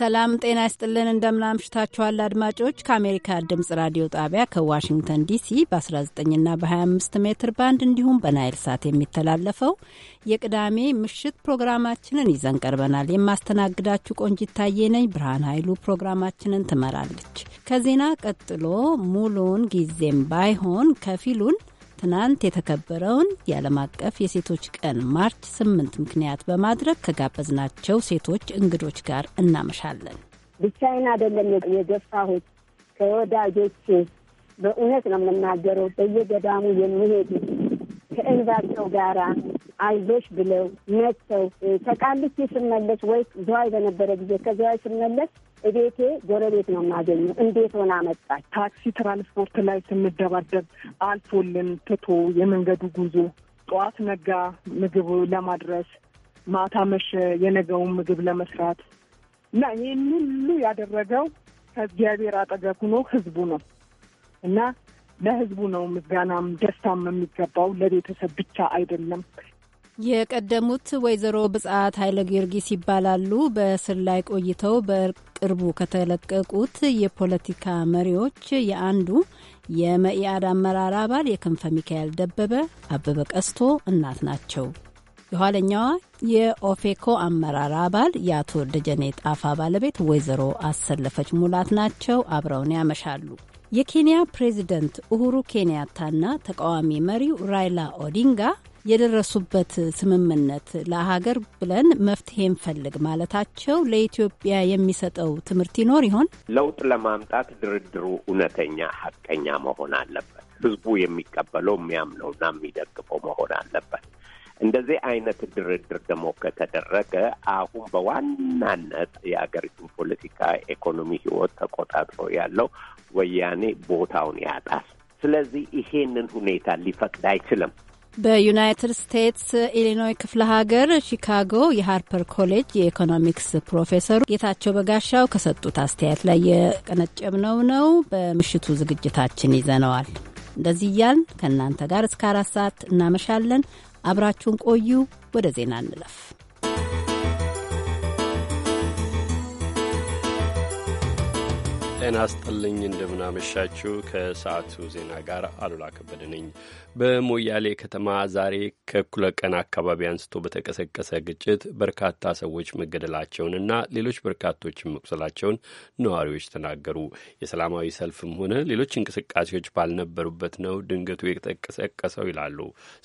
ሰላም ጤና ይስጥልን። እንደምናምሽታችኋል አድማጮች። ከአሜሪካ ድምጽ ራዲዮ ጣቢያ ከዋሽንግተን ዲሲ በ19ና በ25 ሜትር ባንድ እንዲሁም በናይል ሳት የሚተላለፈው የቅዳሜ ምሽት ፕሮግራማችንን ይዘን ቀርበናል። የማስተናግዳችሁ ቆንጂት ታዬ ነኝ። ብርሃን ኃይሉ ፕሮግራማችንን ትመራለች። ከዜና ቀጥሎ ሙሉን ጊዜም ባይሆን ከፊሉን ትናንት የተከበረውን የዓለም አቀፍ የሴቶች ቀን ማርች ስምንት ምክንያት በማድረግ ከጋበዝናቸው ሴቶች እንግዶች ጋር እናመሻለን። ብቻዬን አይደለም የገፋሁት ከወዳጆቼ በእውነት ነው የምናገረው። በየገዳሙ የሚሄዱ ከእንባቸው ጋራ አይዞሽ ብለው መጥተው ተቃልቼ ስመለስ ወይ ዝዋይ በነበረ ጊዜ ከዝዋይ ስመለስ እቤቴ ጎረቤት ነው የማገኘው። እንዴት ሆና መጣች? ታክሲ ትራንስፖርት ላይ ስንደባደብ አልፎልን ትቶ የመንገዱ ጉዞ ጠዋት ነጋ ምግብ ለማድረስ ማታ መሸ የነገውን ምግብ ለመስራት እና ይህን ሁሉ ያደረገው ከእግዚአብሔር አጠገብ ሆኖ ህዝቡ ነው እና ለህዝቡ ነው ምስጋናም ደስታም የሚገባው ለቤተሰብ ብቻ አይደለም። የቀደሙት ወይዘሮ ብጽት ኃይለ ጊዮርጊስ ይባላሉ። በእስር ላይ ቆይተው በቅርቡ ከተለቀቁት የፖለቲካ መሪዎች የአንዱ የመኢአድ አመራር አባል የክንፈ ሚካኤል ደበበ አበበ ቀስቶ እናት ናቸው። የኋለኛዋ የኦፌኮ አመራር አባል የአቶ ደጀኔ ጣፋ ባለቤት ወይዘሮ አሰለፈች ሙላት ናቸው። አብረውን ያመሻሉ። የኬንያ ፕሬዚደንት ኡሁሩ ኬንያታና ተቃዋሚ መሪው ራይላ ኦዲንጋ የደረሱበት ስምምነት ለሀገር ብለን መፍትሄ እንፈልግ ማለታቸው ለኢትዮጵያ የሚሰጠው ትምህርት ይኖር ይሆን? ለውጥ ለማምጣት ድርድሩ እውነተኛ ሀቀኛ መሆን አለበት። ህዝቡ የሚቀበለው የሚያምነውና የሚደግፈው መሆን አለበት። እንደዚህ አይነት ድርድር ደግሞ ከተደረገ አሁን በዋናነት የአገሪቱን ፖለቲካ፣ ኢኮኖሚ ህይወት ተቆጣጥሮ ያለው ወያኔ ቦታውን ያጣል። ስለዚህ ይሄንን ሁኔታ ሊፈቅድ አይችልም። በዩናይትድ ስቴትስ ኢሊኖይ ክፍለ ሀገር ሺካጎ የሃርፐር ኮሌጅ የኢኮኖሚክስ ፕሮፌሰሩ ጌታቸው በጋሻው ከሰጡት አስተያየት ላይ የቀነጨብነው ነው። በምሽቱ ዝግጅታችን ይዘነዋል። እንደዚህ እያልን ከእናንተ ጋር እስከ አራት ሰዓት እናመሻለን። አብራችሁን ቆዩ። ወደ ዜና እንለፍ። ጤና ስጥልኝ እንደምናመሻችሁ። ከሰዓቱ ዜና ጋር አሉላ ከበደ ነኝ። በሞያሌ ከተማ ዛሬ ከእኩለ ቀን አካባቢ አንስቶ በተቀሰቀሰ ግጭት በርካታ ሰዎች መገደላቸውንና ሌሎች በርካቶችን መቁሰላቸውን ነዋሪዎች ተናገሩ። የሰላማዊ ሰልፍም ሆነ ሌሎች እንቅስቃሴዎች ባልነበሩበት ነው ድንገቱ የተቀሰቀሰው ይላሉ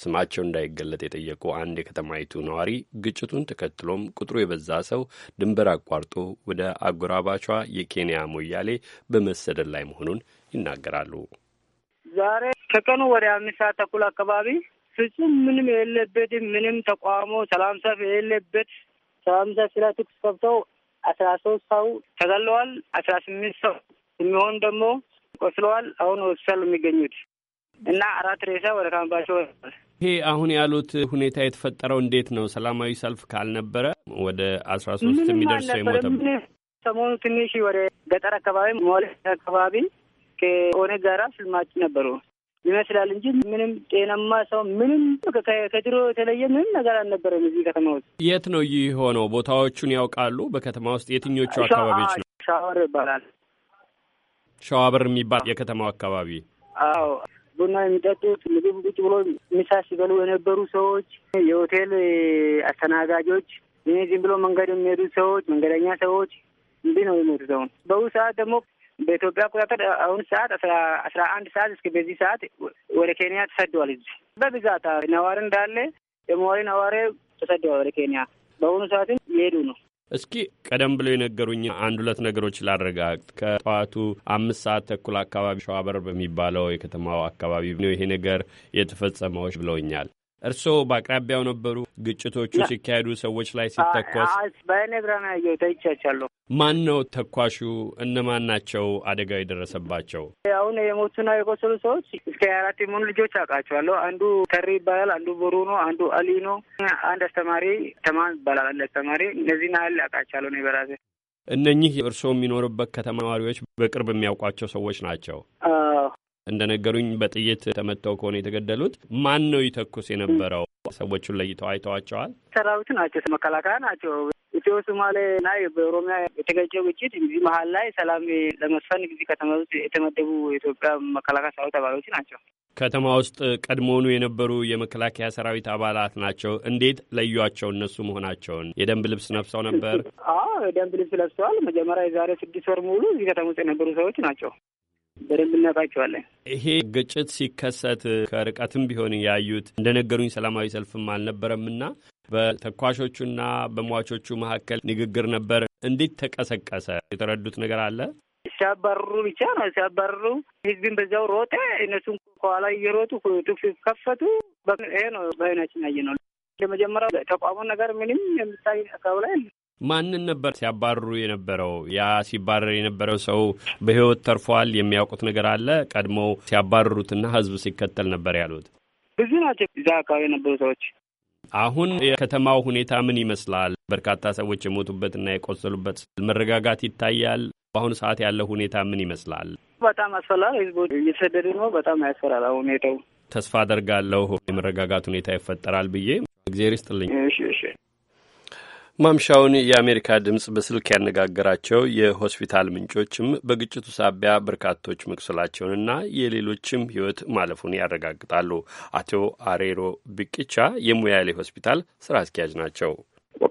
ስማቸው እንዳይገለጥ የጠየቁ አንድ የከተማይቱ ነዋሪ። ግጭቱን ተከትሎም ቁጥሩ የበዛ ሰው ድንበር አቋርጦ ወደ አጎራባቿ የኬንያ ሞያሌ በመሰደድ ላይ መሆኑን ይናገራሉ። ዛሬ ከቀኑ ወደ አምስት ሰዓት ተኩል አካባቢ ፍጹም ምንም የሌለበት ምንም ተቋሞ ሰላም ሰፍ የሌለበት ሰላም ሰፍ ላይ ተኩስ አስራ ሶስት ሰው ተገለዋል። አስራ ስምንት ሰው የሚሆን ደግሞ ቆስለዋል። አሁን ሆስፒታል የሚገኙት እና አራት ሬሳ ወደ ካምባቸው ወል ይሄ አሁን ያሉት ሁኔታ የተፈጠረው እንዴት ነው? ሰላማዊ ሰልፍ ካልነበረ ወደ አስራ ሶስት የሚደርስ የሞተም ሰሞኑ ትንሽ ወደ ገጠር አካባቢ ሞለ አካባቢ ከኦነግ ጋራ ስልማች ነበሩ ይመስላል እንጂ ምንም ጤናማ ሰው ምንም ከድሮ የተለየ ምንም ነገር አልነበረም። እዚህ ከተማ ውስጥ የት ነው ይህ ሆነው? ቦታዎቹን ያውቃሉ? በከተማ ውስጥ የትኞቹ አካባቢዎች ነው? ሸዋበር ይባላል። ሸዋበር የሚባል የከተማው አካባቢ። አዎ ቡና የሚጠጡት ምግብ ቁጭ ብሎ ምሳ ሲበሉ የነበሩ ሰዎች፣ የሆቴል አስተናጋጆች፣ ዝም ብሎ መንገድ የሚሄዱ ሰዎች፣ መንገደኛ ሰዎች እንዲህ ነው የሞቱት። ሰውን በአሁኑ ሰዓት ደግሞ በኢትዮጵያ አቆጣጠር አሁን ሰዓት አስራ አስራ አንድ ሰዓት እስከ በዚህ ሰዓት ወደ ኬንያ ተሰደዋል። እዚህ በብዛት ነዋሪ እንዳለ የመዋሪ ነዋሪ ተሰደዋል ወደ ኬንያ በአሁኑ ሰዓትም ይሄዱ ነው። እስኪ ቀደም ብለው የነገሩኝ አንድ ሁለት ነገሮች ላረጋግጥ። ከጠዋቱ አምስት ሰዓት ተኩል አካባቢ ሸዋበር በሚባለው የከተማው አካባቢ ነው ይሄ ነገር የተፈጸመዎች ብለውኛል። እርስዎ በአቅራቢያው ነበሩ ግጭቶቹ ሲካሄዱ ሰዎች ላይ ሲተኮስ? በኔግራና ያየው ተይቻቻለሁ። ማን ነው ተኳሹ? እነማን ናቸው አደጋው የደረሰባቸው? አሁን የሞቱና የቆሰሉ ሰዎች እስከ አራት የሚሆኑ ልጆች አውቃቸዋለሁ። አንዱ ተሪ ይባላል፣ አንዱ ቦሩ ነው፣ አንዱ አሊ ነው፣ አንድ አስተማሪ ተማን ይባላል። አንድ አስተማሪ እነዚህ ናህል አውቃቸዋለሁ ነው በራሴ። እነኚህ እርስዎ የሚኖሩበት ከተማ ነዋሪዎች በቅርብ የሚያውቋቸው ሰዎች ናቸው? እንደነገሩኝ በጥይት ተመተው ከሆነ የተገደሉት ማን ነው ይተኩስ የነበረው? ሰዎቹን ለይተው አይተዋቸዋል? ሰራዊቱ ናቸው፣ መከላከያ ናቸው። ኢትዮ ሶማሌ እና በኦሮሚያ የተገጨው ግጭት እዚህ መሀል ላይ ሰላም ለመስፈን ጊዜ ከተማ ውስጥ የተመደቡ የኢትዮጵያ መከላከያ ሰራዊት አባሎች ናቸው። ከተማ ውስጥ ቀድሞውኑ የነበሩ የመከላከያ ሰራዊት አባላት ናቸው። እንዴት ለዩቸው? እነሱ መሆናቸውን የደንብ ልብስ ለብሰው ነበር። አዎ የደንብ ልብስ ለብሰዋል። መጀመሪያ የዛሬ ስድስት ወር ሙሉ እዚህ ከተማ ውስጥ የነበሩ ሰዎች ናቸው። በደንብ እናውቃቸዋለን። ይሄ ግጭት ሲከሰት ከርቀትም ቢሆን ያዩት እንደነገሩኝ ሰላማዊ ሰልፍም አልነበረምና በተኳሾቹና በሟቾቹ መካከል ንግግር ነበር። እንዴት ተቀሰቀሰ? የተረዱት ነገር አለ? ሲያባርሩ ብቻ ነው። ሲያባርሩ ህዝብን በዛው ሮጠ። እነሱም ከኋላ እየሮጡ ጡፍ ከፈቱ። ይሄ ነው በአይናችን ያየ ነው። ለመጀመሪያ ተቋሙን ነገር ምንም የሚታይ አካባቢ ላይ ማንን ነበር ሲያባርሩ የነበረው? ያ ሲባረር የነበረው ሰው በህይወት ተርፏል? የሚያውቁት ነገር አለ? ቀድሞ ሲያባርሩትና ህዝብ ሲከተል ነበር ያሉት ብዙ ናቸው፣ እዛ አካባቢ የነበሩ ሰዎች። አሁን የከተማው ሁኔታ ምን ይመስላል? በርካታ ሰዎች የሞቱበትና የቆሰሉበት መረጋጋት ይታያል። በአሁኑ ሰዓት ያለው ሁኔታ ምን ይመስላል? በጣም አስፈላል። ህዝቡ እየተሰደዱ ነው። በጣም ያስፈራል ሁኔታው። ተስፋ አደርጋለሁ የመረጋጋት ሁኔታ ይፈጠራል ብዬ። እግዜር ይስጥልኝ። እሺ እሺ። ማምሻውን የአሜሪካ ድምፅ በስልክ ያነጋገራቸው የሆስፒታል ምንጮችም በግጭቱ ሳቢያ በርካቶች መቁሰላቸውንና የሌሎችም ሕይወት ማለፉን ያረጋግጣሉ። አቶ አሬሮ ብቅቻ የሙያሌ ሆስፒታል ስራ አስኪያጅ ናቸው።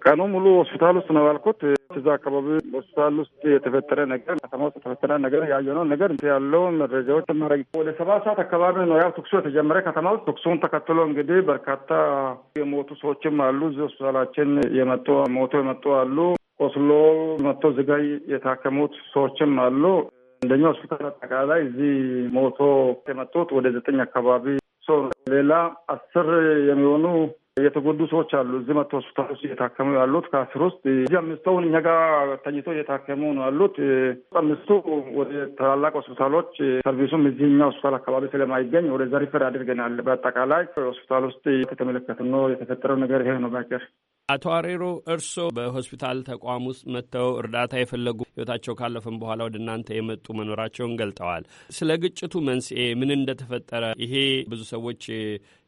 ቀኑ ሙሉ ሆስፒታል ውስጥ ነው ያልኩት። እዛ አካባቢ ሆስፒታል ውስጥ የተፈጠረ ነገር ከተማ ውስጥ የተፈጠረ ነገር ያየነው ነገር ያለው መረጃዎች ማድረግ ወደ ሰባት ሰዓት አካባቢ ነው ያው ትኩሱ የተጀመረ ከተማ ውስጥ። ትኩሱን ተከትሎ እንግዲህ በርካታ የሞቱ ሰዎችም አሉ። እዚህ ሆስፒታላችን የመጡ ሞቶ የመጡ አሉ። ቆስሎ መጥቶ ዝጋይ የታከሙት ሰዎችም አሉ። አንደኛው ሆስፒታል አጠቃላይ እዚህ ሞቶ የመጡት ወደ ዘጠኝ አካባቢ ሰው ሌላ አስር የሚሆኑ የተጎዱ ሰዎች አሉ። እዚህ መቶ ሆስፒታል ውስጥ እየታከሙ ያሉት ከአስር ውስጥ እዚህ አምስቱን እኛ ጋር ተኝቶ እየታከሙ ነው ያሉት። አምስቱ ወደ ታላላቅ ሆስፒታሎች ሰርቪሱም እዚህኛ ሆስፒታል አካባቢ ስለማይገኝ ወደ ዘሪፈር አድርገናል። በአጠቃላይ ሆስፒታል ውስጥ ከተመለከትን ነው የተፈጠረው ነገር ይሄ ነው ባጭር። አቶ አሬሮ እርስዎ በሆስፒታል ተቋም ውስጥ መጥተው እርዳታ የፈለጉ ህይወታቸው ካለፈም በኋላ ወደ እናንተ የመጡ መኖራቸውን ገልጠዋል። ስለ ግጭቱ መንስኤ ምን እንደተፈጠረ ይሄ ብዙ ሰዎች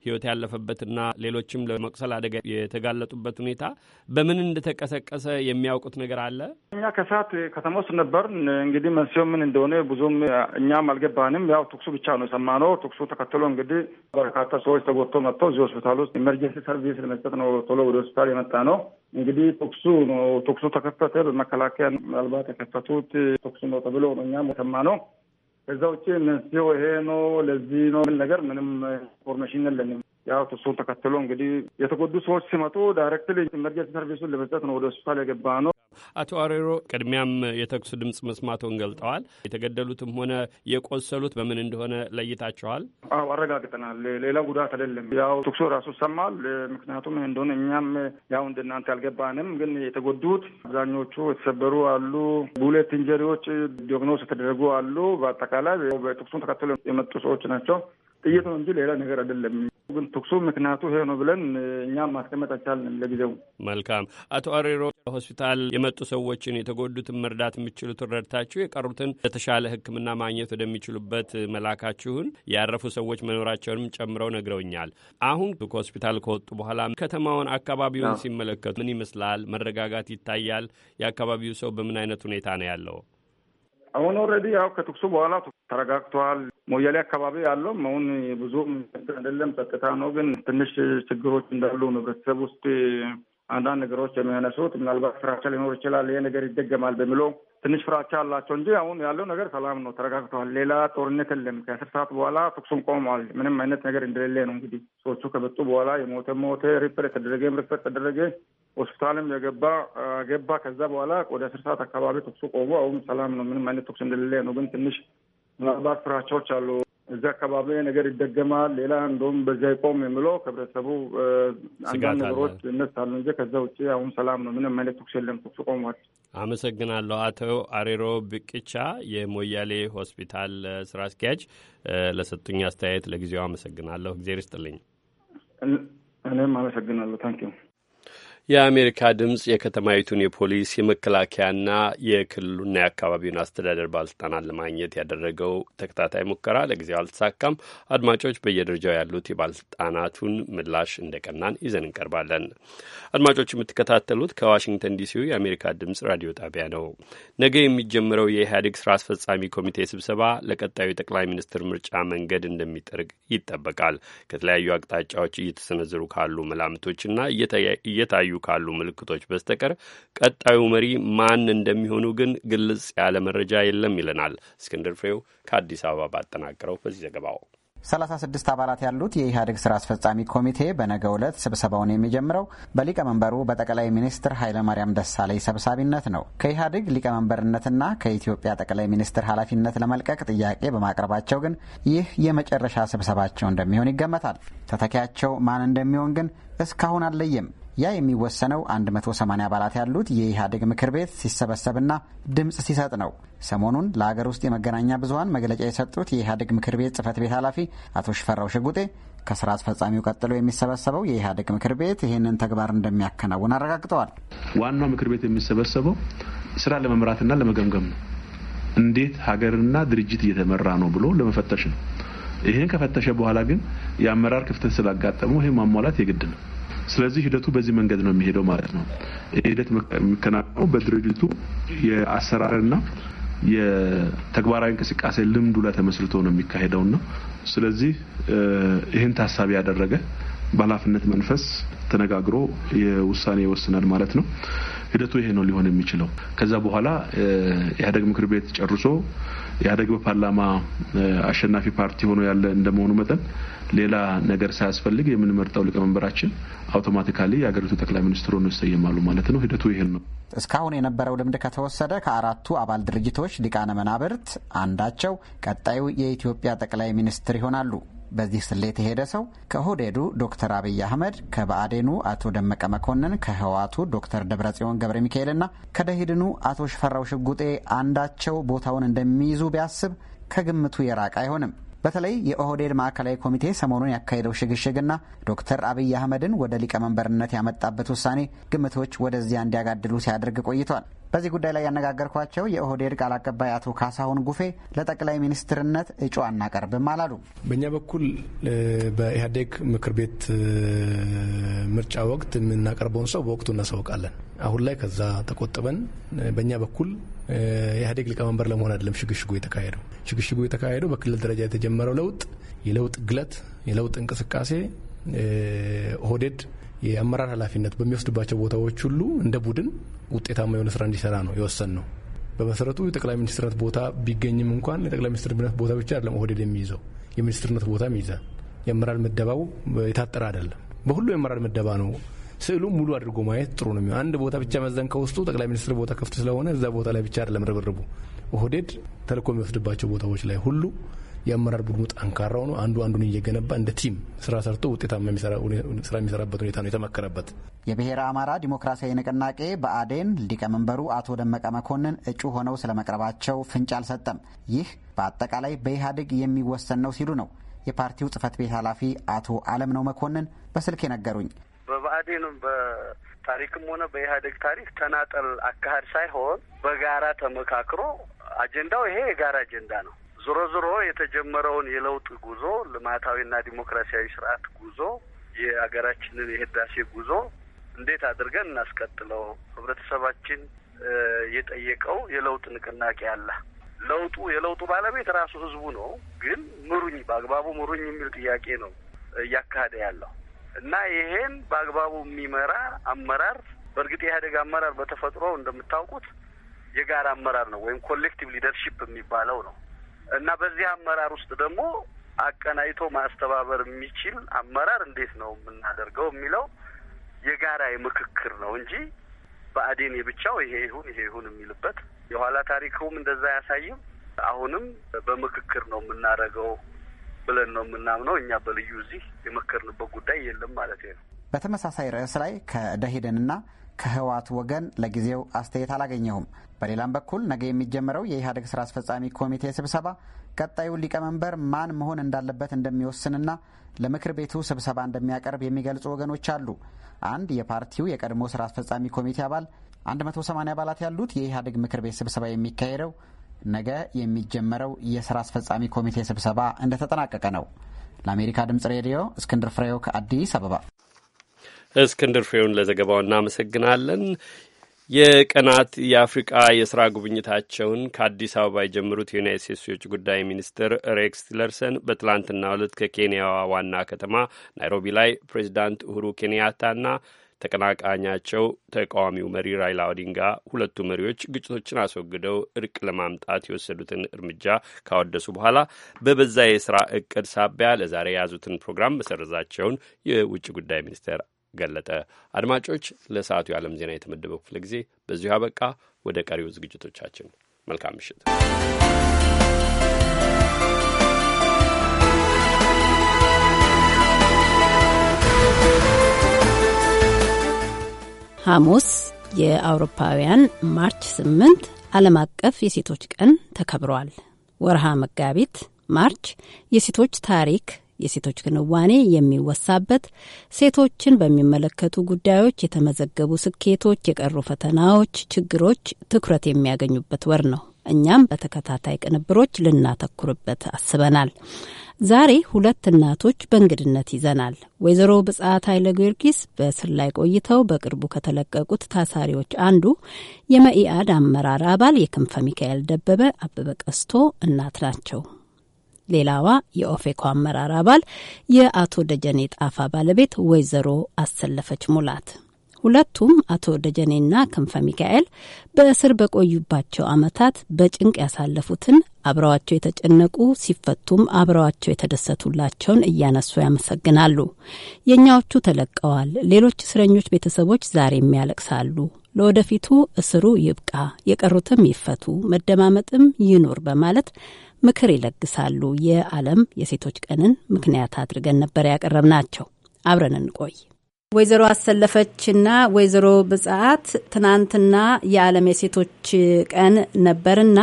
ህይወት ያለፈበትና ሌሎችም ለመቁሰል አደጋ የተጋለጡበት ሁኔታ በምን እንደተቀሰቀሰ የሚያውቁት ነገር አለ? እኛ ከሰዓት ከተማ ውስጥ ነበር። እንግዲህ መንስኤው ምን እንደሆነ ብዙም እኛም አልገባንም። ያው ትኩሱ ብቻ ነው የሰማነው። ትኩሱ ተከትሎ እንግዲህ በርካታ ሰዎች ተጎድቶ መጥቶ እዚህ ሆስፒታል ውስጥ ኢመርጀንሲ ሰርቪስ ለመስጠት ነው ቶሎ ወደ ሆስፒታል የመጣ ነው። እንግዲህ ትኩሱ ነው ትኩሱ ተከፈተ። በመከላከያ ምናልባት የከፈቱት ትኩሱ ነው ተብሎ ነው እኛም የሰማነው ከዛ ውጭ መንስኤው ይሄ ነው ለዚህ ነው ምን ነገር ምንም ኢንፎርሜሽን የለንም። ያው እሱን ተከትሎ እንግዲህ የተጎዱ ሰዎች ሲመጡ ዳይሬክት ኢመርጀንሲ ሰርቪሱን ለመስጠት ነው ወደ ሆስፒታል የገባ ነው። አቶ አሬሮ ቅድሚያም የተኩስ ድምፅ መስማቶን ገልጠዋል። የተገደሉትም ሆነ የቆሰሉት በምን እንደሆነ ለይታቸዋል? አዎ አረጋግጠናል። ሌላ ጉዳት አይደለም። ያው ተኩሱ ራሱ ሰማል። ምክንያቱም እንደሆነ እኛም ያው እንደናንተ አልገባንም። ግን የተጎዱት አብዛኞቹ የተሰበሩ አሉ፣ ቡሌት ኢንጀሪዎች ዲግኖስ የተደረጉ አሉ። በአጠቃላይ በተኩሱን ተከትሎ የመጡ ሰዎች ናቸው። ጥይት ነው እንጂ ሌላ ነገር አይደለም። ግን ትኩሱ ምክንያቱ ይሄ ነው ብለን እኛም ማስቀመጥ አልቻልንም ለጊዜው። መልካም አቶ አሬሮ ሆስፒታል የመጡ ሰዎችን የተጎዱትን መርዳት የምችሉትን ረድታችሁ የቀሩትን ለተሻለ ሕክምና ማግኘት ወደሚችሉበት መላካችሁን ያረፉ ሰዎች መኖራቸውንም ጨምረው ነግረውኛል። አሁን ከሆስፒታል ከወጡ በኋላ ከተማውን አካባቢውን ሲመለከቱ ምን ይመስላል? መረጋጋት ይታያል? የአካባቢው ሰው በምን አይነት ሁኔታ ነው ያለው? አሁን ኦልሬዲ ያው ከትኩሱ በኋላ ተረጋግተዋል። ሞያሌ አካባቢ ያለውም አሁን ብዙም አይደለም፣ ጸጥታ ነው። ግን ትንሽ ችግሮች እንዳሉ ህብረተሰብ ውስጥ አንዳንድ ነገሮች የሚያነሱት ምናልባት ፍራቻ ሊኖር ይችላል። ይሄ ነገር ይደገማል በሚለው ትንሽ ፍራቻ አላቸው እንጂ አሁን ያለው ነገር ሰላም ነው፣ ተረጋግተዋል። ሌላ ጦርነት የለም። ከአስር ሰዓት በኋላ ተኩሱም ቆመዋል። ምንም አይነት ነገር እንደሌለ ነው። እንግዲህ ሰዎቹ ከበጡ በኋላ የሞተ ሞተ፣ ሪፈር የተደረገም ሪፐር ተደረገ፣ ሆስፒታልም የገባ ገባ። ከዛ በኋላ ወደ አስር ሰዓት አካባቢ ተኩሱ ቆሞ አሁን ሰላም ነው። ምንም አይነት ተኩስ እንደሌለ ነው። ግን ትንሽ ምናልባት ፍራቻዎች አሉ። እዚህ አካባቢ ነገር ይደገማል፣ ሌላ እንደውም በዚያ ይቆም የሚለው ከህብረተሰቡ አንዳንድ ነገሮች ይነሳሉ እንጂ ከዛ ውጭ አሁን ሰላም ነው። ምንም አይነት ተኩስ የለም። ተኩሱ ቆሟል። አመሰግናለሁ። አቶ አሬሮ ብቅቻ የሞያሌ ሆስፒታል ስራ አስኪያጅ ለሰጡኝ አስተያየት ለጊዜው አመሰግናለሁ። እግዜር ይስጥልኝ። እኔም አመሰግናለሁ። ታንኪዩ የአሜሪካ ድምፅ የከተማይቱን የፖሊስ የመከላከያና የክልሉና የአካባቢውን አስተዳደር ባለስልጣናት ለማግኘት ያደረገው ተከታታይ ሙከራ ለጊዜው አልተሳካም። አድማጮች በየደረጃው ያሉት የባለስልጣናቱን ምላሽ እንደቀናን ይዘን እንቀርባለን። አድማጮች የምትከታተሉት ከዋሽንግተን ዲሲው የአሜሪካ ድምፅ ራዲዮ ጣቢያ ነው። ነገ የሚጀምረው የኢህአዴግ ስራ አስፈጻሚ ኮሚቴ ስብሰባ ለቀጣዩ ጠቅላይ ሚኒስትር ምርጫ መንገድ እንደሚጠርግ ይጠበቃል። ከተለያዩ አቅጣጫዎች እየተሰነዘሩ ካሉ መላምቶችና እየታዩ ካሉ ምልክቶች በስተቀር ቀጣዩ መሪ ማን እንደሚሆኑ ግን ግልጽ ያለ መረጃ የለም ይለናል እስክንድር ፍሬው ከአዲስ አበባ ባጠናቀረው በዚህ ዘገባው። 36 ስድስት አባላት ያሉት የኢህአዴግ ስራ አስፈጻሚ ኮሚቴ በነገ ዕለት ስብሰባውን የሚጀምረው በሊቀመንበሩ በጠቅላይ ሚኒስትር ኃይለማርያም ደሳለኝ ሰብሳቢነት ነው። ከኢህአዴግ ሊቀመንበርነትና ከኢትዮጵያ ጠቅላይ ሚኒስትር ኃላፊነት ለመልቀቅ ጥያቄ በማቅረባቸው ግን ይህ የመጨረሻ ስብሰባቸው እንደሚሆን ይገመታል። ተተኪያቸው ማን እንደሚሆን ግን እስካሁን አልለየም። ያ የሚወሰነው 180 አባላት ያሉት የኢህአዴግ ምክር ቤት ሲሰበሰብና ድምፅ ሲሰጥ ነው። ሰሞኑን ለሀገር ውስጥ የመገናኛ ብዙሀን መግለጫ የሰጡት የኢህአዴግ ምክር ቤት ጽህፈት ቤት ኃላፊ አቶ ሽፈራው ሽጉጤ ከስራ አስፈጻሚው ቀጥሎ የሚሰበሰበው የኢህአዴግ ምክር ቤት ይህንን ተግባር እንደሚያከናውን አረጋግጠዋል። ዋናው ምክር ቤት የሚሰበሰበው ስራ ለመምራትና ለመገምገም ነው። እንዴት ሀገርና ድርጅት እየተመራ ነው ብሎ ለመፈተሽ ነው። ይህን ከፈተሸ በኋላ ግን የአመራር ክፍተት ስላጋጠመው ይህ ማሟላት የግድ ነው። ስለዚህ ሂደቱ በዚህ መንገድ ነው የሚሄደው ማለት ነው። ይህ ሂደት የሚከናወነው በድርጅቱ የአሰራርና የተግባራዊ እንቅስቃሴ ልምዱ ላይ ተመስርቶ ነው የሚካሄደውና ስለዚህ ይህን ታሳቢ ያደረገ በኃላፊነት መንፈስ ተነጋግሮ የውሳኔ ይወስናል ማለት ነው። ሂደቱ ይሄ ነው ሊሆን የሚችለው። ከዛ በኋላ ኢህአዴግ ምክር ቤት ጨርሶ ኢህአዴግ በፓርላማ አሸናፊ ፓርቲ ሆኖ ያለ እንደመሆኑ መጠን ሌላ ነገር ሳያስፈልግ የምንመርጠው ሊቀመንበራችን አውቶማቲካሊ የአገሪቱ ጠቅላይ ሚኒስትር ሆኖ ይሰየማሉ ማለት ነው። ሂደቱ ይህን ነው። እስካሁን የነበረው ልምድ ከተወሰደ ከአራቱ አባል ድርጅቶች ሊቃነ መናብርት አንዳቸው ቀጣዩ የኢትዮጵያ ጠቅላይ ሚኒስትር ይሆናሉ። በዚህ ስሌት የሄደ ሰው ከሆዴዱ ዶክተር አብይ አህመድ፣ ከብአዴኑ አቶ ደመቀ መኮንን፣ ከህወሓቱ ዶክተር ደብረጽዮን ገብረ ሚካኤልና ከደሂድኑ አቶ ሽፈራው ሽጉጤ አንዳቸው ቦታውን እንደሚይዙ ቢያስብ ከግምቱ የራቀ አይሆንም። በተለይ የኦህዴድ ማዕከላዊ ኮሚቴ ሰሞኑን ያካሄደው ሽግሽግና ዶክተር አብይ አህመድን ወደ ሊቀመንበርነት ያመጣበት ውሳኔ ግምቶች ወደዚያ እንዲያጋድሉ ሲያደርግ ቆይቷል። በዚህ ጉዳይ ላይ ያነጋገርኳቸው የኦህዴድ ቃል አቀባይ አቶ ካሳሁን ጉፌ ለጠቅላይ ሚኒስትርነት እጩ አናቀርብም አላሉ። በእኛ በኩል በኢህአዴግ ምክር ቤት ምርጫ ወቅት የምናቀርበውን ሰው በወቅቱ እናሳውቃለን። አሁን ላይ ከዛ ተቆጥበን በእኛ በኩል ኢህአዴግ ሊቀመንበር ለመሆን አይደለም ሽግሽጉ የተካሄደው። ሽግሽጉ የተካሄደው በክልል ደረጃ የተጀመረው ለውጥ የለውጥ ግለት የለውጥ እንቅስቃሴ ኦህዴድ የአመራር ኃላፊነት በሚወስድባቸው ቦታዎች ሁሉ እንደ ቡድን ውጤታማ የሆነ ስራ እንዲሰራ ነው የወሰን ነው። በመሰረቱ የጠቅላይ ሚኒስትርነት ቦታ ቢገኝም እንኳን የጠቅላይ ሚኒስትርነት ቦታ ብቻ አይደለም ኦህዴድ የሚይዘው የሚኒስትርነት ቦታም ይይዛል። የአመራር ምደባው የታጠረ አይደለም። በሁሉ የአመራር ምደባ ነው። ስዕሉ ሙሉ አድርጎ ማየት ጥሩ ነው። አንድ ቦታ ብቻ መዘን ከውስጡ ጠቅላይ ሚኒስትር ቦታ ክፍት ስለሆነ እዛ ቦታ ላይ ብቻ አይደለም ርብርቡ። ኦህዴድ ተልእኮ የሚወስድባቸው ቦታዎች ላይ ሁሉ የአመራር ቡድኑ ጠንካራ ሆኖ አንዱ አንዱን እየገነባ እንደ ቲም ስራ ሰርቶ ውጤታማ ስራ የሚሰራበት ሁኔታ ነው የተመከረበት። የብሔረ አማራ ዲሞክራሲያዊ ንቅናቄ በአዴን ሊቀመንበሩ አቶ ደመቀ መኮንን እጩ ሆነው ስለመቅረባቸው ፍንጭ አልሰጠም። ይህ በአጠቃላይ በኢህአዴግ የሚወሰን ነው ሲሉ ነው የፓርቲው ጽህፈት ቤት ኃላፊ አቶ አለም ነው መኮንን በስልክ የነገሩኝ። በብአዴንም በታሪክም ሆነ በኢህአዴግ ታሪክ ተናጠል አካሄድ ሳይሆን በጋራ ተመካክሮ አጀንዳው ይሄ የጋራ አጀንዳ ነው ዞሮ ዞሮ የተጀመረውን የለውጥ ጉዞ ልማታዊና ዲሞክራሲያዊ ስርዓት ጉዞ የሀገራችንን የህዳሴ ጉዞ እንዴት አድርገን እናስቀጥለው? ህብረተሰባችን የጠየቀው የለውጥ ንቅናቄ አለ። ለውጡ የለውጡ ባለቤት ራሱ ህዝቡ ነው። ግን ምሩኝ፣ በአግባቡ ምሩኝ የሚል ጥያቄ ነው እያካሄደ ያለው እና ይሄን በአግባቡ የሚመራ አመራር በእርግጥ የኢህአዴግ አመራር በተፈጥሮ እንደምታውቁት የጋራ አመራር ነው ወይም ኮሌክቲቭ ሊደርሺፕ የሚባለው ነው። እና በዚህ አመራር ውስጥ ደግሞ አቀናይቶ ማስተባበር የሚችል አመራር እንዴት ነው የምናደርገው የሚለው የጋራ የምክክር ነው እንጂ በአዴን የብቻው ይሄ ይሁን ይሄ ይሁን የሚልበት የኋላ ታሪክውም እንደዛ አያሳይም። አሁንም በምክክር ነው የምናደርገው ብለን ነው የምናምነው። እኛ በልዩ እዚህ የመከርንበት ጉዳይ የለም ማለት ነው። በተመሳሳይ ርዕስ ላይ ከደሂደንና ከህወሓት ወገን ለጊዜው አስተያየት አላገኘሁም። በሌላም በኩል ነገ የሚጀምረው የኢህአዴግ ስራ አስፈጻሚ ኮሚቴ ስብሰባ ቀጣዩ ሊቀመንበር ማን መሆን እንዳለበት እንደሚወስንና ለምክር ቤቱ ስብሰባ እንደሚያቀርብ የሚገልጹ ወገኖች አሉ። አንድ የፓርቲው የቀድሞ ስራ አስፈጻሚ ኮሚቴ አባል 180 አባላት ያሉት የኢህአዴግ ምክር ቤት ስብሰባ የሚካሄደው ነገ የሚጀመረው የስራ አስፈጻሚ ኮሚቴ ስብሰባ እንደተጠናቀቀ ነው። ለአሜሪካ ድምጽ ሬዲዮ እስክንድር ፍሬው ከአዲስ አበባ። እስክንድር ፍሬውን ለዘገባው እናመሰግናለን። የቀናት የአፍሪቃ የስራ ጉብኝታቸውን ከአዲስ አበባ የጀመሩት የዩናይት ስቴትስ የውጭ ጉዳይ ሚኒስትር ሬክስ ቲለርሰን በትላንትናው ዕለት ከኬንያዋ ዋና ከተማ ናይሮቢ ላይ ፕሬዚዳንት ኡሁሩ ኬንያታና ተቀናቃኛቸው ተቃዋሚው መሪ ራይላ ኦዲንጋ ሁለቱ መሪዎች ግጭቶችን አስወግደው እርቅ ለማምጣት የወሰዱትን እርምጃ ካወደሱ በኋላ በበዛ የስራ እቅድ ሳቢያ ለዛሬ የያዙትን ፕሮግራም መሰረዛቸውን የውጭ ጉዳይ ሚኒስቴር ገለጠ። አድማጮች፣ ለሰዓቱ የዓለም ዜና የተመደበው ክፍለ ጊዜ በዚሁ አበቃ። ወደ ቀሪው ዝግጅቶቻችን መልካም ምሽት። ሐሙስ የአውሮፓውያን ማርች 8 ዓለም አቀፍ የሴቶች ቀን ተከብሯል። ወርሃ መጋቢት ማርች የሴቶች ታሪክ የሴቶች ክንዋኔ የሚወሳበት፣ ሴቶችን በሚመለከቱ ጉዳዮች የተመዘገቡ ስኬቶች፣ የቀሩ ፈተናዎች፣ ችግሮች ትኩረት የሚያገኙበት ወር ነው። እኛም በተከታታይ ቅንብሮች ልናተኩርበት አስበናል። ዛሬ ሁለት እናቶች በእንግድነት ይዘናል። ወይዘሮ ብጽዓት ኃይለ ጊዮርጊስ በእስር ላይ ቆይተው በቅርቡ ከተለቀቁት ታሳሪዎች አንዱ የመኢአድ አመራር አባል የክንፈ ሚካኤል ደበበ አበበ ቀስቶ እናት ናቸው። ሌላዋ የኦፌኮ አመራር አባል የአቶ ደጀኔ ጣፋ ባለቤት ወይዘሮ አሰለፈች ሙላት። ሁለቱም አቶ ደጀኔና ክንፈ ሚካኤል በእስር በቆዩባቸው ዓመታት በጭንቅ ያሳለፉትን አብረዋቸው የተጨነቁ ሲፈቱም አብረዋቸው የተደሰቱላቸውን እያነሱ ያመሰግናሉ። የእኛዎቹ ተለቀዋል፣ ሌሎች እስረኞች ቤተሰቦች ዛሬም ያለቅሳሉ። ለወደፊቱ እስሩ ይብቃ፣ የቀሩትም ይፈቱ፣ መደማመጥም ይኑር በማለት ምክር ይለግሳሉ። የዓለም የሴቶች ቀንን ምክንያት አድርገን ነበር ያቀረብናቸው። አብረን እንቆይ። ወይዘሮ አሰለፈችና ወይዘሮ ብጻት ትናንትና የዓለም የሴቶች ቀን ነበርና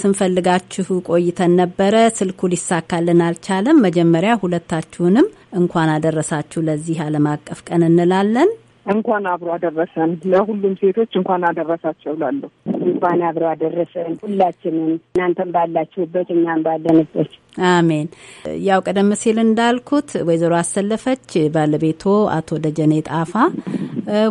ስንፈልጋችሁ ቆይተን ነበረ። ስልኩ ሊሳካልን አልቻለም። መጀመሪያ ሁለታችሁንም እንኳን አደረሳችሁ ለዚህ ዓለም አቀፍ ቀን እንላለን። እንኳን አብሮ አደረሰን። ለሁሉም ሴቶች እንኳን አደረሳቸው ላለሁ እንኳን አብሮ አደረሰን ሁላችንም እናንተም ባላችሁበት እኛም ባለንበት አሜን። ያው ቀደም ሲል እንዳልኩት ወይዘሮ አሰለፈች ባለቤቶ አቶ ደጀኔ ጣፋ፣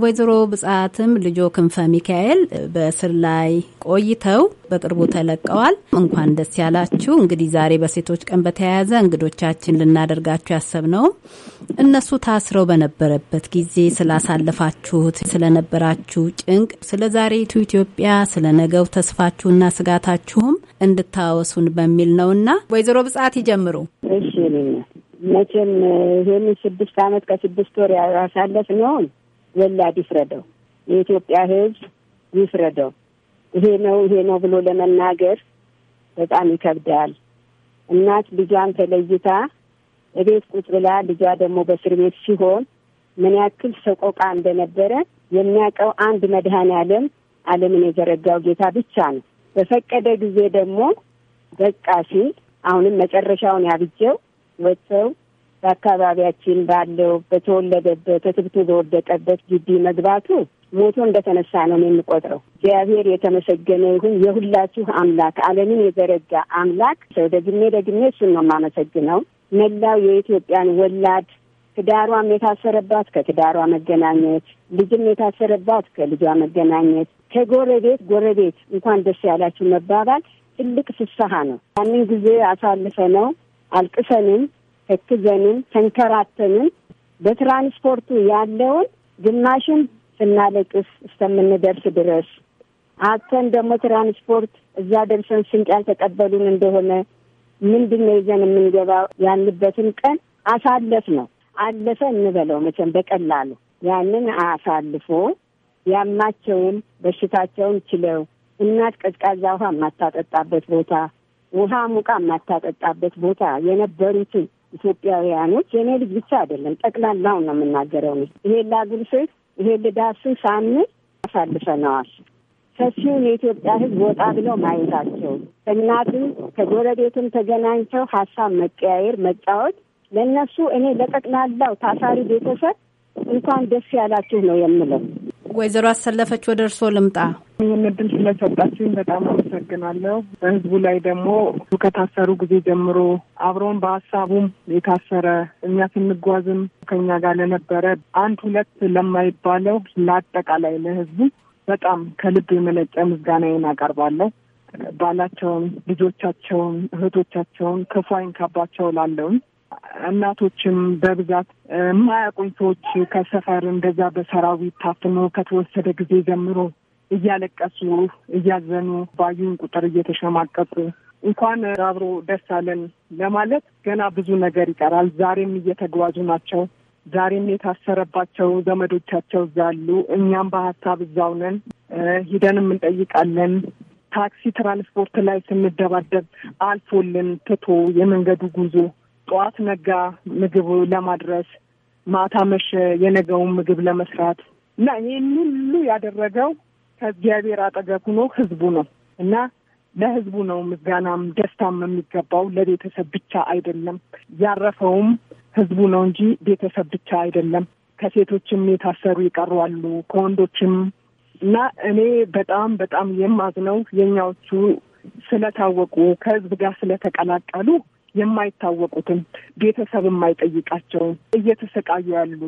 ወይዘሮ ብጻትም ልጆ ክንፈ ሚካኤል በእስር ላይ ቆይተው በቅርቡ ተለቀዋል። እንኳን ደስ ያላችሁ። እንግዲህ ዛሬ በሴቶች ቀን በተያያዘ እንግዶቻችን ልናደርጋችሁ ያሰብነው እነሱ ታስረው በነበረበት ጊዜ ስላሳለፋችሁት፣ ስለነበራችሁ ጭንቅ፣ ስለ ዛሬቱ ኢትዮጵያ፣ ስለ ነገው ተስፋችሁና ስጋታችሁም እንድታወሱን በሚል ነውና ወይዘሮ በቅብጻት ይጀምሩ። እሺ መቼም ይህን ስድስት አመት ከስድስት ወር ያሳለፍ ነውን ወላድ ይፍረደው፣ የኢትዮጵያ ህዝብ ይፍረደው። ይሄ ነው ይሄ ነው ብሎ ለመናገር በጣም ይከብዳል። እናት ልጇን ተለይታ እቤት ቁጭ ብላ ልጇ ደግሞ በእስር ቤት ሲሆን ምን ያክል ሰቆቃ እንደነበረ የሚያውቀው አንድ መድኃኔ ዓለም ዓለምን የዘረጋው ጌታ ብቻ ነው። በፈቀደ ጊዜ ደግሞ በቃ ሲል አሁንም መጨረሻውን ያብጀው ወጥተው በአካባቢያችን ባለው በተወለደበት ተትብቶ በወደቀበት ግቢ መግባቱ ሞቶ እንደተነሳ ነው የምቆጥረው። እግዚአብሔር የተመሰገነ ይሁን። የሁላችሁ አምላክ ዓለምን የዘረጋ አምላክ ሰው ደግሜ ደግሜ እሱን ነው የማመሰግነው። መላው የኢትዮጵያን ወላድ ትዳሯም የታሰረባት ከትዳሯ መገናኘት፣ ልጅም የታሰረባት ከልጇ መገናኘት፣ ከጎረቤት ጎረቤት እንኳን ደስ ያላችሁ መባባል ትልቅ ፍስሀ ነው። ያንን ጊዜ አሳልፈ ነው አልቅሰንም፣ ተክዘንም፣ ተንከራተንም በትራንስፖርቱ ያለውን ግማሽን ስናለቅስ እስከምንደርስ ድረስ አተን ደግሞ ትራንስፖርት እዛ ደርሰን ስንቅ ያልተቀበሉን እንደሆነ ምንድን ነው ይዘን የምንገባው ያንበትን ቀን አሳለፍ ነው። አለፈ እንበለው መቼም በቀላሉ ያንን አሳልፎ ያማቸውን በሽታቸውን ችለው እናት ቀዝቃዛ ውሃ የማታጠጣበት ቦታ፣ ውሃ ሙቃ የማታጠጣበት ቦታ የነበሩትን ኢትዮጵያውያኖች የኔ ልጅ ብቻ አይደለም ጠቅላላውን ነው የምናገረው። ይሄ ላጉልስስ ይሄ ልዳሱ ሳንል አሳልፈነዋል። ሰፊውን የኢትዮጵያ ሕዝብ ወጣ ብለው ማየታቸው ከእናትም ከጎረቤትም ተገናኝተው ሀሳብ መቀያየር፣ መጫወት ለእነሱ እኔ ለጠቅላላው ታሳሪ ቤተሰብ እንኳን ደስ ያላችሁ ነው የምለው። ወይዘሮ አሰለፈች ወደ እርስዎ ልምጣ። ይህን ድል ስለሰጣችሁኝ በጣም አመሰግናለሁ። በህዝቡ ላይ ደግሞ ከታሰሩ ጊዜ ጀምሮ አብረውን በሀሳቡም የታሰረ እኛ ስንጓዝም ከኛ ጋር ለነበረ አንድ ሁለት ለማይባለው ለአጠቃላይ ለህዝቡ በጣም ከልብ የመነጨ ምስጋናዬን አቀርባለሁ። ባላቸውን፣ ልጆቻቸውን፣ እህቶቻቸውን ክፉ አይንካባቸው ላለውን እናቶችም በብዛት የማያውቁኝ ሰዎች ከሰፈር እንደዛ በሰራዊት ታፍኖ ከተወሰደ ጊዜ ጀምሮ እያለቀሱ እያዘኑ ባዩን ቁጥር እየተሸማቀቁ እንኳን አብሮ ደስ አለን ለማለት ገና ብዙ ነገር ይቀራል። ዛሬም እየተጓዙ ናቸው። ዛሬም የታሰረባቸው ዘመዶቻቸው እዛ አሉ። እኛም በሀሳብ እዛው ነን፣ ሂደንም እንጠይቃለን። ታክሲ ትራንስፖርት ላይ ስንደባደብ አልፎልን ትቶ የመንገዱ ጉዞ ጠዋት ነጋ ምግብ ለማድረስ፣ ማታ መሸ የነገውን ምግብ ለመስራት እና ይህን ሁሉ ያደረገው ከእግዚአብሔር አጠገብ ሆኖ ህዝቡ ነው እና ለህዝቡ ነው ምስጋናም ደስታም የሚገባው ለቤተሰብ ብቻ አይደለም። ያረፈውም ህዝቡ ነው እንጂ ቤተሰብ ብቻ አይደለም። ከሴቶችም የታሰሩ ይቀሯሉ፣ ከወንዶችም እና እኔ በጣም በጣም የማዝነው የኛዎቹ ስለታወቁ ከህዝብ ጋር ስለተቀላቀሉ የማይታወቁትን ቤተሰብ የማይጠይቃቸውን እየተሰቃዩ ያሉ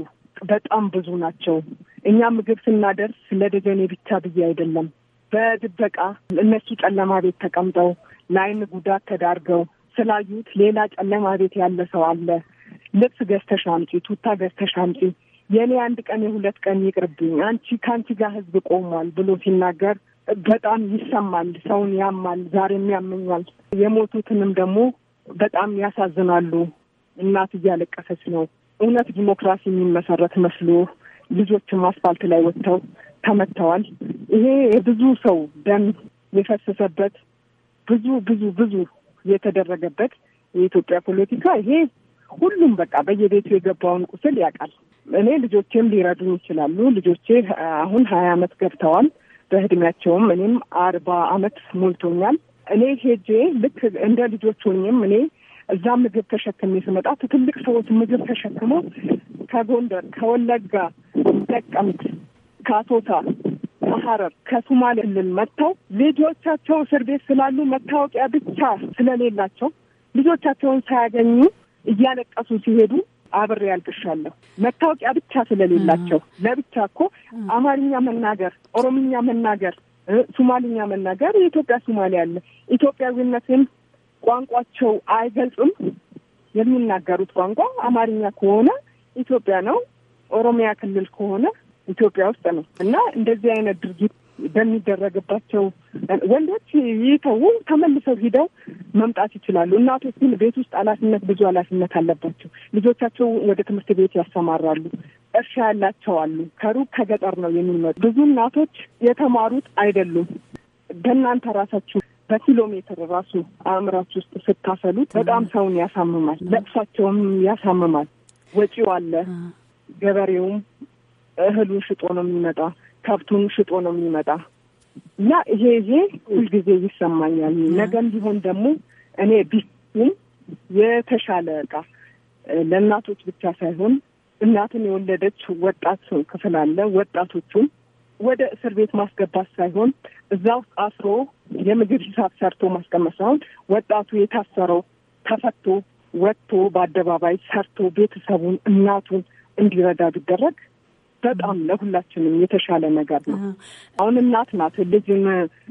በጣም ብዙ ናቸው። እኛ ምግብ ስናደርስ ለደጀኔ ብቻ ብዬ አይደለም፣ በድበቃ እነሱ ጨለማ ቤት ተቀምጠው ለአይን ጉዳት ተዳርገው ስላዩት ሌላ ጨለማ ቤት ያለ ሰው አለ። ልብስ ገዝተሽ አምጪ፣ ቱታ ገዝተሽ አምጪ፣ የእኔ አንድ ቀን የሁለት ቀን ይቅርብኝ፣ አንቺ ከአንቺ ጋር ህዝብ ቆሟል ብሎ ሲናገር በጣም ይሰማል። ሰውን ያማል። ዛሬም ያመኛል። የሞቱትንም ደግሞ በጣም ያሳዝናሉ። እናት እያለቀሰች ነው። እውነት ዲሞክራሲ የሚመሰረት መስሎ ልጆችም አስፋልት ላይ ወጥተው ተመተዋል። ይሄ የብዙ ሰው ደም የፈሰሰበት ብዙ ብዙ ብዙ የተደረገበት የኢትዮጵያ ፖለቲካ ይሄ ሁሉም በቃ በየቤቱ የገባውን ቁስል ያውቃል። እኔ ልጆቼም ሊረዱን ይችላሉ። ልጆቼ አሁን ሀያ አመት ገብተዋል። በእድሜያቸውም እኔም አርባ አመት ሞልቶኛል። እኔ ሄጄ ልክ እንደ ልጆች ሆኜም እኔ እዛ ምግብ ተሸክሜ ስመጣ ትልቅ ሰዎች ምግብ ተሸክሞ ከጎንደር፣ ከወለጋ፣ ደቀምት ከአቶታ፣ ከሐረር፣ ከሱማሌ ክልል መጥተው ልጆቻቸው እስር ቤት ስላሉ መታወቂያ ብቻ ስለሌላቸው ልጆቻቸውን ሳያገኙ እያለቀሱ ሲሄዱ አብሬ ያልቅሻለሁ። መታወቂያ ብቻ ስለሌላቸው ለብቻ እኮ አማርኛ መናገር፣ ኦሮምኛ መናገር ሱማሊኛ መናገር የኢትዮጵያ ሱማሌ አለ። ኢትዮጵያዊነትን ቋንቋቸው አይገልጽም። የሚናገሩት ቋንቋ አማርኛ ከሆነ ኢትዮጵያ ነው፣ ኦሮሚያ ክልል ከሆነ ኢትዮጵያ ውስጥ ነው እና እንደዚህ አይነት ድርጊት በሚደረግባቸው ወንዶች ይተው ተመልሰው ሂደው መምጣት ይችላሉ። እናቶች ግን ቤት ውስጥ ኃላፊነት ብዙ ኃላፊነት አለባቸው። ልጆቻቸው ወደ ትምህርት ቤት ያሰማራሉ። እርሻ ያላቸው አሉ። ከሩቅ ከገጠር ነው የሚመጡ ብዙ እናቶች የተማሩት አይደሉም። በእናንተ ራሳችሁ በኪሎ ሜትር ራሱ አእምራች ውስጥ ስታሰሉት በጣም ሰውን ያሳምማል፣ ለቅሷቸውም ያሳምማል። ወጪው አለ። ገበሬውም እህሉን ሽጦ ነው የሚመጣ፣ ከብቱን ሽጦ ነው የሚመጣ እና ይሄ ይሄ ሁልጊዜ ይሰማኛል። ነገም ቢሆን ደግሞ እኔ ቢም የተሻለ እቃ ለእናቶች ብቻ ሳይሆን እናትን የወለደች ወጣት ክፍል አለ። ወጣቶቹን ወደ እስር ቤት ማስገባት ሳይሆን እዛ ውስጥ አስሮ የምግብ ሂሳብ ሰርቶ ማስቀመጥ ሳይሆን ወጣቱ የታሰረው ተፈቶ ወጥቶ በአደባባይ ሰርቶ ቤተሰቡን እናቱን እንዲረዳ ቢደረግ በጣም ለሁላችንም የተሻለ ነገር ነው። አሁን እናት ናት ልጅን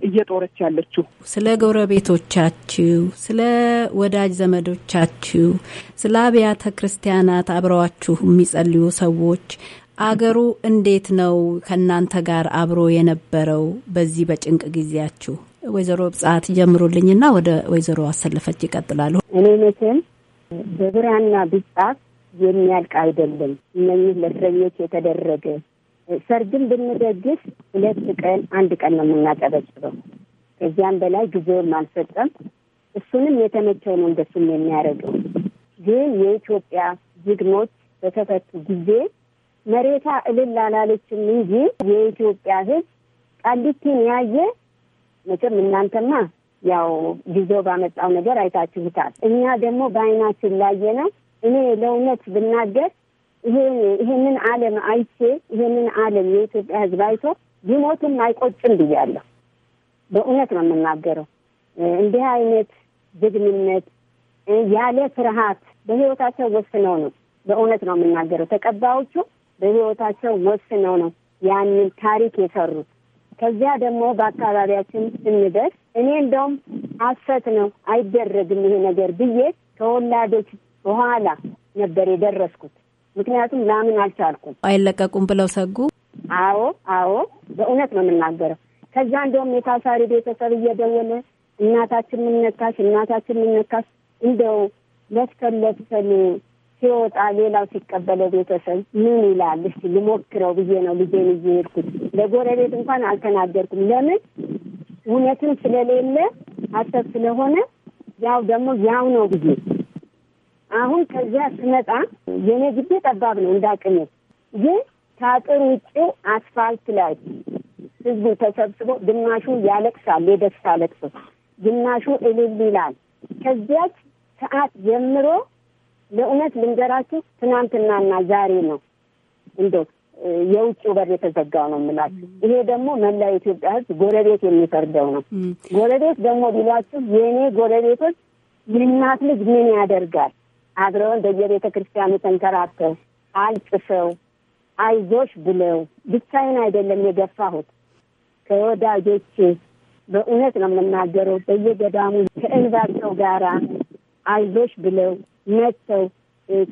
እየጦረች ያለችው። ስለ ጎረቤቶቻችሁ፣ ስለ ወዳጅ ዘመዶቻችሁ፣ ስለ አብያተ ክርስቲያናት አብረዋችሁ የሚጸልዩ ሰዎች አገሩ እንዴት ነው ከእናንተ ጋር አብሮ የነበረው በዚህ በጭንቅ ጊዜያችሁ? ወይዘሮ ብጻት ጀምሩልኝና ወደ ወይዘሮ አሰለፈች ይቀጥላሉ። እኔ መቼም በብራና ብጻት የሚያልቅ አይደለም። እነኚህ ለእስረኞች የተደረገ ሰርግን ብንደግስ ሁለት ቀን አንድ ቀን ነው የምናጨበጭበው። ከዚያም በላይ ጊዜውን አልሰጠም። እሱንም የተመቸው ነው እንደሱም የሚያደርገው ግን የኢትዮጵያ ጀግኖች በተፈቱ ጊዜ መሬታ እልል አላለችም እንጂ የኢትዮጵያ ሕዝብ ቃሊቲን ያየ መቼም እናንተማ ያው ጊዜው ባመጣው ነገር አይታችሁታል። እኛ ደግሞ በአይናችን ላየ ነው እኔ ለእውነት ብናገር ይህንን አለም ዓለም አይቼ ይህንን ዓለም የኢትዮጵያ ሕዝብ አይቶ ቢሞትም አይቆጭም ብያለሁ። በእውነት ነው የምናገረው። እንዲህ አይነት ጀግንነት ያለ ፍርሃት በህይወታቸው ወስነው ነው። በእውነት ነው የምናገረው። ተቀባዮቹ በህይወታቸው ወስነው ነው ያንን ታሪክ የሰሩት። ከዚያ ደግሞ በአካባቢያችን ስንደርስ እኔ እንደውም አፈት ነው አይደረግም ይሄ ነገር ብዬ ተወላዶች በኋላ ነበር የደረስኩት። ምክንያቱም ላምን አልቻልኩም። አይለቀቁም ብለው ሰጉ። አዎ አዎ፣ በእውነት ነው የምናገረው። ከዛ እንደውም የታሳሪ ቤተሰብ እየደወለ እናታችን ምነካሽ፣ እናታችን ምነካሽ፣ እንደው ለፍተን ለፍተን ሲወጣ ሌላው ሲቀበለ ቤተሰብ ምን ይላል? እስኪ ልሞክረው ብዬ ነው ልጄን እየሄድኩት። ለጎረቤት እንኳን አልተናገርኩም። ለምን እውነትም ስለሌለ አሰብ ስለሆነ ያው ደግሞ ያው ነው ብዬ አሁን ከዚያ ስመጣ የኔ ግቢ ጠባብ ነው እንዳቅሜ፣ ግን ከአጥር ውጭ አስፋልት ላይ ህዝቡ ተሰብስቦ ግማሹ ያለቅሳል የደስታ ለቅሶ፣ ግማሹ እልል ይላል። ከዚያች ሰዓት ጀምሮ ለእውነት ልንገራችሁ ትናንትናና ዛሬ ነው እንደው የውጭው በር የተዘጋ ነው የምላችሁ። ይሄ ደግሞ መላ የኢትዮጵያ ህዝብ ጎረቤት የሚፈርደው ነው። ጎረቤት ደግሞ ቢሏችሁ የእኔ ጎረቤቶች የእናት ልጅ ምን ያደርጋል አብረውን በየቤተ ክርስቲያኑ ተንከራተው አልቅሰው አይዞሽ ብለው ብቻዬን አይደለም የገፋሁት ከወዳጆቼ በእውነት ነው የምናገረው። በየገዳሙ ከእንባቸው ጋራ አይዞሽ ብለው መጥተው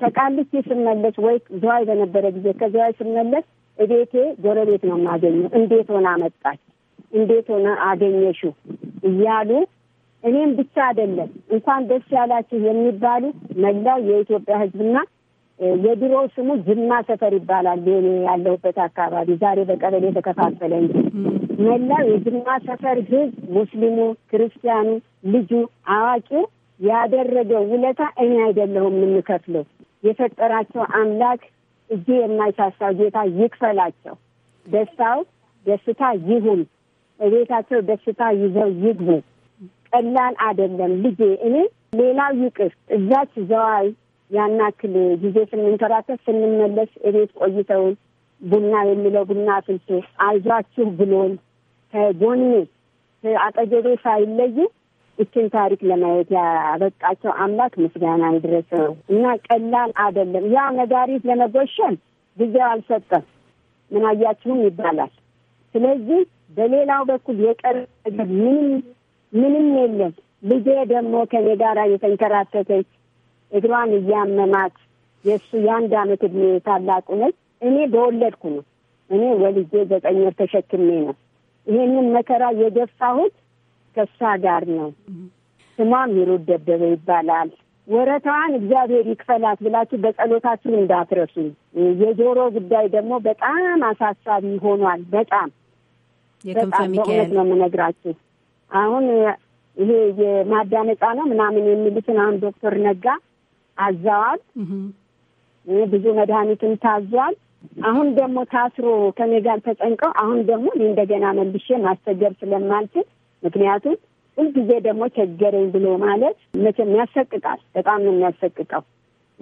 ተቃልቼ ስመለስ ወይ ዝዋይ በነበረ ጊዜ ከዝዋይ ስመለስ እቤቴ ጎረቤት ነው የማገኘው። እንዴት ሆና መጣች፣ እንዴት ሆነ አገኘሽው እያሉ እኔም ብቻ አይደለም እንኳን ደስ ያላችሁ የሚባሉ መላው የኢትዮጵያ ሕዝብና የድሮ ስሙ ጅማ ሰፈር ይባላል። የኔ ያለሁበት አካባቢ ዛሬ በቀበሌ የተከፋፈለ እንጂ መላው የጅማ ሰፈር ሕዝብ ሙስሊሙ፣ ክርስቲያኑ፣ ልጁ፣ አዋቂው ያደረገው ውለታ እኔ አይደለሁም የምንከፍለው የፈጠራቸው አምላክ እጅ የማይሳሳው ጌታ ይክፈላቸው። ደስታው ደስታ ይሁን። ቤታቸው ደስታ ይዘው ይግቡ። ቀላል አይደለም ልጄ። እኔ ሌላው ይቅር እዛች ዘዋይ ያናክል ጊዜ ስንንከራተት ስንመለስ እቤት ቆይተውን ቡና የሚለው ቡና አፍልቶ አይዟችሁ ብሎን ከጎኔ አጠገቤ ሳይለዩ ይችን ታሪክ ለማየት ያበቃቸው አምላክ ምስጋና ይድረሰው እና ቀላል አይደለም። ያ ነጋሪት ለመጎሸን ጊዜው አልሰጠም። ምን አያችሁም ይባላል። ስለዚህ በሌላው በኩል የቀረ ነገር ምንም ምንም የለም። ልጄ ደግሞ ከኔ ጋር የተንከራተተች እግሯን እያመማት የእሱ የአንድ አመት እድሜ ታላቁ ነች። እኔ በወለድኩ ነው። እኔ ወልጄ ዘጠኝ ወር ተሸክሜ ነው። ይሄንን መከራ የገፋሁት ከእሷ ጋር ነው። ስሟም ይሩድ ደበበ ይባላል። ወረታዋን እግዚአብሔር ይክፈላት ብላችሁ በጸሎታችሁ እንዳትረሱ። የጆሮ ጉዳይ ደግሞ በጣም አሳሳቢ ሆኗል። በጣም በጣም በእውነት ነው የምነግራችሁ። አሁን ይሄ የማዳመጫ ነው ምናምን የሚሉትን አሁን ዶክተር ነጋ አዛዋል። ብዙ መድኃኒትም ታዟል። አሁን ደግሞ ታስሮ ከኔ ጋር ተጨንቀው አሁን ደግሞ እንደገና መልሼ ማስቸገር ስለማልችል ምክንያቱም ሁልጊዜ ደግሞ ቸገረኝ ብሎ ማለት መቼም ያሰቅቃል። በጣም ነው የሚያሰቅቀው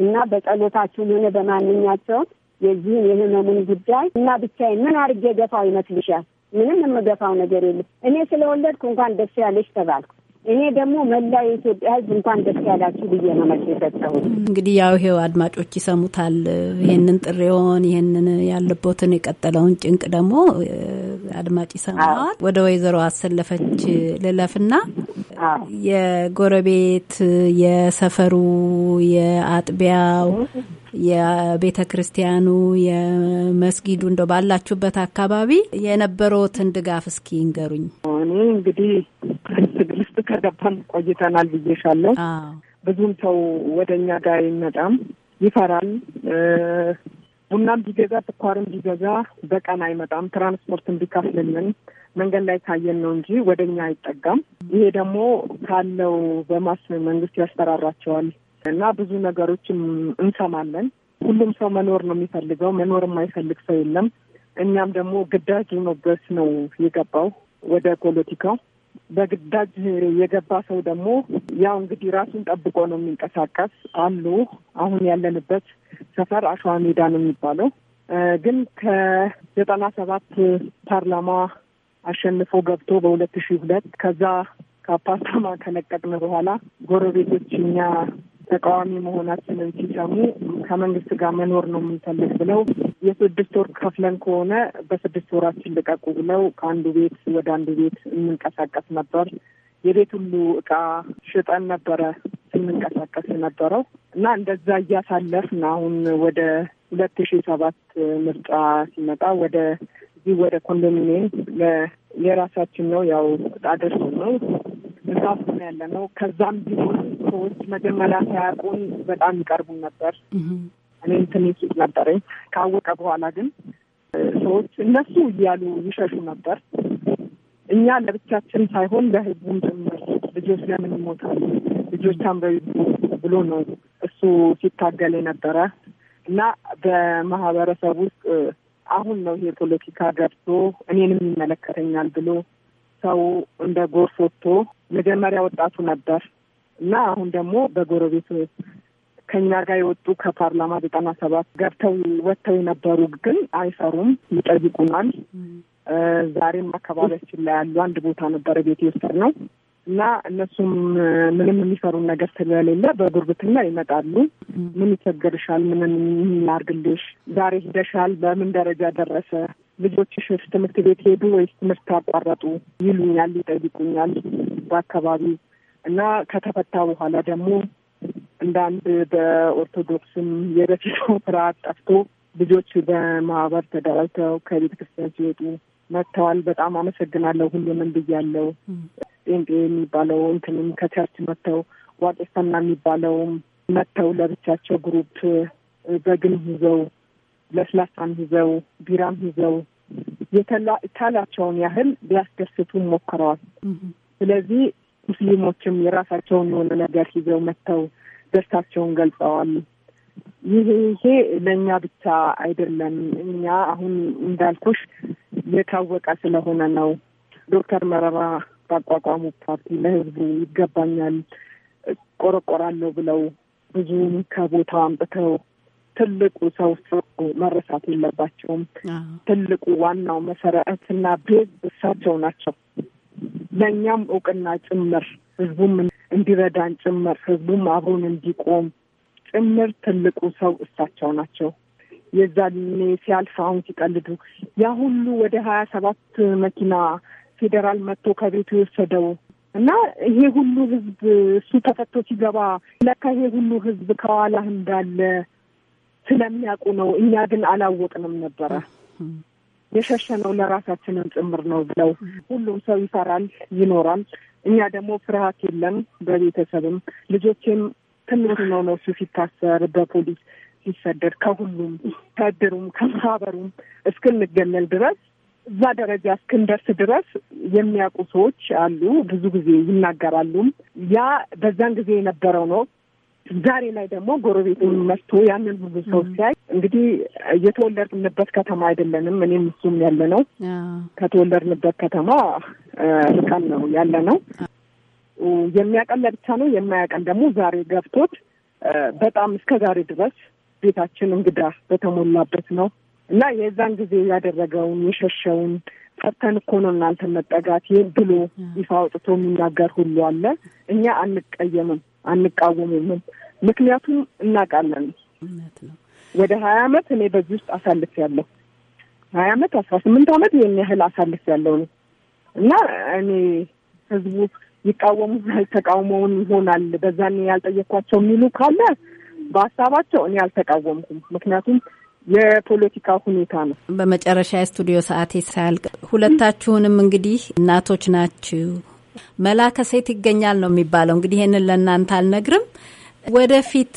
እና በጸሎታችሁ ሆነ በማንኛቸውም የዚህን የህመሙን ጉዳይ እና ብቻዬን ምን አድርጌ ገፋው ይመስልሻል? ምንም የምገፋው ነገር የለም። እኔ ስለወለድኩ እንኳን ደስ ያለሽ ተባልኩ። እኔ ደግሞ መላ የኢትዮጵያ ሕዝብ እንኳን ደስ ያላችሁ ብዬ ነው መልስ የሰጠሁት። እንግዲህ ያው ይሄው አድማጮች ይሰሙታል። ይህንን ጥሬውን ይህንን ያለቦትን የቀጠለውን ጭንቅ ደግሞ አድማጭ ይሰማዋል። ወደ ወይዘሮ አሰለፈች ልለፍና የጎረቤት የሰፈሩ የአጥቢያው የቤተ ክርስቲያኑ የመስጊዱ እንደ ባላችሁበት አካባቢ የነበረውትን ድጋፍ እስኪ ንገሩኝ። እኔ እንግዲህ ትግል ውስጥ ከገባን ቆይተናል ብዬሻለሁ። ብዙም ሰው ወደ እኛ ጋር ይመጣም ይፈራል። ቡናም ቢገዛ ስኳርም ቢገዛ በቀን አይመጣም። ትራንስፖርትን ቢከፍልልን መንገድ ላይ ካየን ነው እንጂ ወደ እኛ አይጠጋም። ይሄ ደግሞ ካለው በማስ መንግስት ያስፈራራቸዋል። እና ብዙ ነገሮችን እንሰማለን። ሁሉም ሰው መኖር ነው የሚፈልገው። መኖር የማይፈልግ ሰው የለም። እኛም ደግሞ ግዳጅ ሆኖበት ነው የገባው ወደ ፖለቲካው። በግዳጅ የገባ ሰው ደግሞ ያው እንግዲህ ራሱን ጠብቆ ነው የሚንቀሳቀስ አሉ። አሁን ያለንበት ሰፈር አሸዋ ሜዳ ነው የሚባለው። ግን ከዘጠና ሰባት ፓርላማ አሸንፎ ገብቶ በሁለት ሺህ ሁለት ከዛ ከአፓርታማ ከለቀቅን በኋላ ጎረቤቶች እኛ ተቃዋሚ መሆናችንን ሲሰሙ ከመንግስት ጋር መኖር ነው የምንፈልግ ብለው የስድስት ወር ከፍለን ከሆነ በስድስት ወራችን ልቀቁ ብለው ከአንዱ ቤት ወደ አንዱ ቤት እንንቀሳቀስ ነበር። የቤት ሁሉ እቃ ሽጠን ነበረ ስንንቀሳቀስ ነበረው እና እንደዛ እያሳለፍን አሁን ወደ ሁለት ሺ ሰባት ምርጫ ሲመጣ ወደ እዚህ ወደ ኮንዶሚኒየም የራሳችን ነው ያው እጣ ደርሶ ነው እዛ ውስጥ ያለ ነው። ከዛም ቢሆን ሰዎች መጀመሪያ ሳያውቁን በጣም ይቀርቡን ነበር። እኔ ትንሽ ነበረኝ። ካወቀ በኋላ ግን ሰዎች እነሱ እያሉ ይሸሹ ነበር። እኛ ለብቻችን ሳይሆን ለህዝቡም ጭምር ልጆች ለምን ይሞታሉ ልጆች አንበቢ ብሎ ነው እሱ ሲታገል የነበረ እና በማህበረሰብ ውስጥ አሁን ነው ይሄ ፖለቲካ ገብቶ እኔንም ይመለከተኛል ብሎ ሰው እንደ ጎርፍ ወጥቶ መጀመሪያ ወጣቱ ነበር እና አሁን ደግሞ በጎረቤት ከኛ ጋር የወጡ ከፓርላማ ዘጠና ሰባት ገብተው ወጥተው የነበሩ ግን አይሰሩም፣ ይጠይቁናል። ዛሬም አካባቢያችን ላይ ያሉ አንድ ቦታ ነበረ ቤት የወሰድ ነው እና እነሱም ምንም የሚሰሩን ነገር ስለሌለ በጉርብትና ይመጣሉ። ምን ይቸግርሻል? ምን እናርግልሽ? ዛሬ ሂደሻል? በምን ደረጃ ደረሰ? ልጆችሽ ትምህርት ቤት ሄዱ ወይስ ትምህርት አቋረጡ ይሉኛል፣ ይጠይቁኛል በአካባቢ እና ከተፈታ በኋላ ደግሞ እንደ አንድ በኦርቶዶክስም የበፊቱ ፍርሃት ጠፍቶ ልጆች በማህበር ተደራጅተው ከቤተ ክርስቲያን ሲወጡ መጥተዋል። በጣም አመሰግናለሁ ሁሉንም ብያለው። ጴንጤ የሚባለው እንትንም ከቸርች መጥተው ዋቄፈና የሚባለውም መጥተው ለብቻቸው ግሩፕ በግን ይዘው ለስላሳም ይዘው ቢራም ይዘው የተላቸውን ያህል ሊያስደስቱን ሞክረዋል። ስለዚህ ሙስሊሞችም የራሳቸውን የሆነ ነገር ይዘው መጥተው ደስታቸውን ገልጸዋል። ይሄ ይሄ ለእኛ ብቻ አይደለም። እኛ አሁን እንዳልኩሽ የታወቀ ስለሆነ ነው። ዶክተር መረራ ባቋቋሙ ፓርቲ ለህዝቡ ይገባኛል ቆረቆራለሁ ብለው ብዙም ከቦታው አምጥተው ትልቁ ሰው ሰው መረሳት የለባቸውም። ትልቁ ዋናው መሰረትና ቤዝ እሳቸው ናቸው። ለእኛም እውቅና ጭምር ህዝቡም እንዲረዳን ጭምር ህዝቡም አብሮን እንዲቆም ጭምር ትልቁ ሰው እሳቸው ናቸው። የዛኔ ሲያልፍ አሁን ሲቀልዱ ያ ሁሉ ወደ ሀያ ሰባት መኪና ፌዴራል መጥቶ ከቤቱ የወሰደው እና ይሄ ሁሉ ህዝብ እሱ ተፈቶ ሲገባ ለካ ይሄ ሁሉ ህዝብ ከኋላህ እንዳለ ስለሚያውቁ ነው። እኛ ግን አላወቅንም ነበረ። የሸሸነው ለራሳችንም ጭምር ነው ብለው ሁሉም ሰው ይፈራል ይኖራል። እኛ ደግሞ ፍርሃት የለም። በቤተሰብም ልጆቼም ትምህርት ነው ነው እሱ ሲታሰር በፖሊስ ሲሰደድ ከሁሉም ከእድሩም ከማህበሩም እስክንገለል ድረስ እዛ ደረጃ እስክንደርስ ድረስ የሚያውቁ ሰዎች አሉ። ብዙ ጊዜ ይናገራሉም። ያ በዛን ጊዜ የነበረው ነው። ዛሬ ላይ ደግሞ ጎረቤቱን መጥቶ ያንን ብዙ ሰው ሲያይ እንግዲህ የተወለድንበት ከተማ አይደለንም። እኔም እሱም ያለ ነው። ከተወለድንበት ከተማ ርቀን ነው ያለ ነው። የሚያቀን ብቻ ነው የማያቀን ደግሞ ዛሬ ገብቶት በጣም እስከ ዛሬ ድረስ ቤታችን እንግዳ በተሞላበት ነው እና የዛን ጊዜ ያደረገውን የሸሸውን ጠርተን እኮ ነው እናንተ መጠጋት ብሎ ይፋ አውጥቶ የሚናገር ሁሉ አለ። እኛ አንቀየምም አንቃወምም። ምክንያቱም እናውቃለን። ወደ ሀያ አመት እኔ በዚህ ውስጥ አሳልፍ ያለሁ ሀያ አመት አስራ ስምንት አመት ይህን ያህል አሳልፍ ያለው ነው እና እኔ ህዝቡ ይቃወሙ ተቃውሞውን ይሆናል በዛን ያልጠየኳቸው የሚሉ ካለ በሀሳባቸው እኔ አልተቃወምኩም። ምክንያቱም የፖለቲካ ሁኔታ ነው። በመጨረሻ የስቱዲዮ ሰዓቴ ሳያልቅ ሁለታችሁንም እንግዲህ እናቶች ናችሁ መላከ ሴት ይገኛል ነው የሚባለው። እንግዲህ ይህንን ለእናንተ አልነግርም። ወደፊት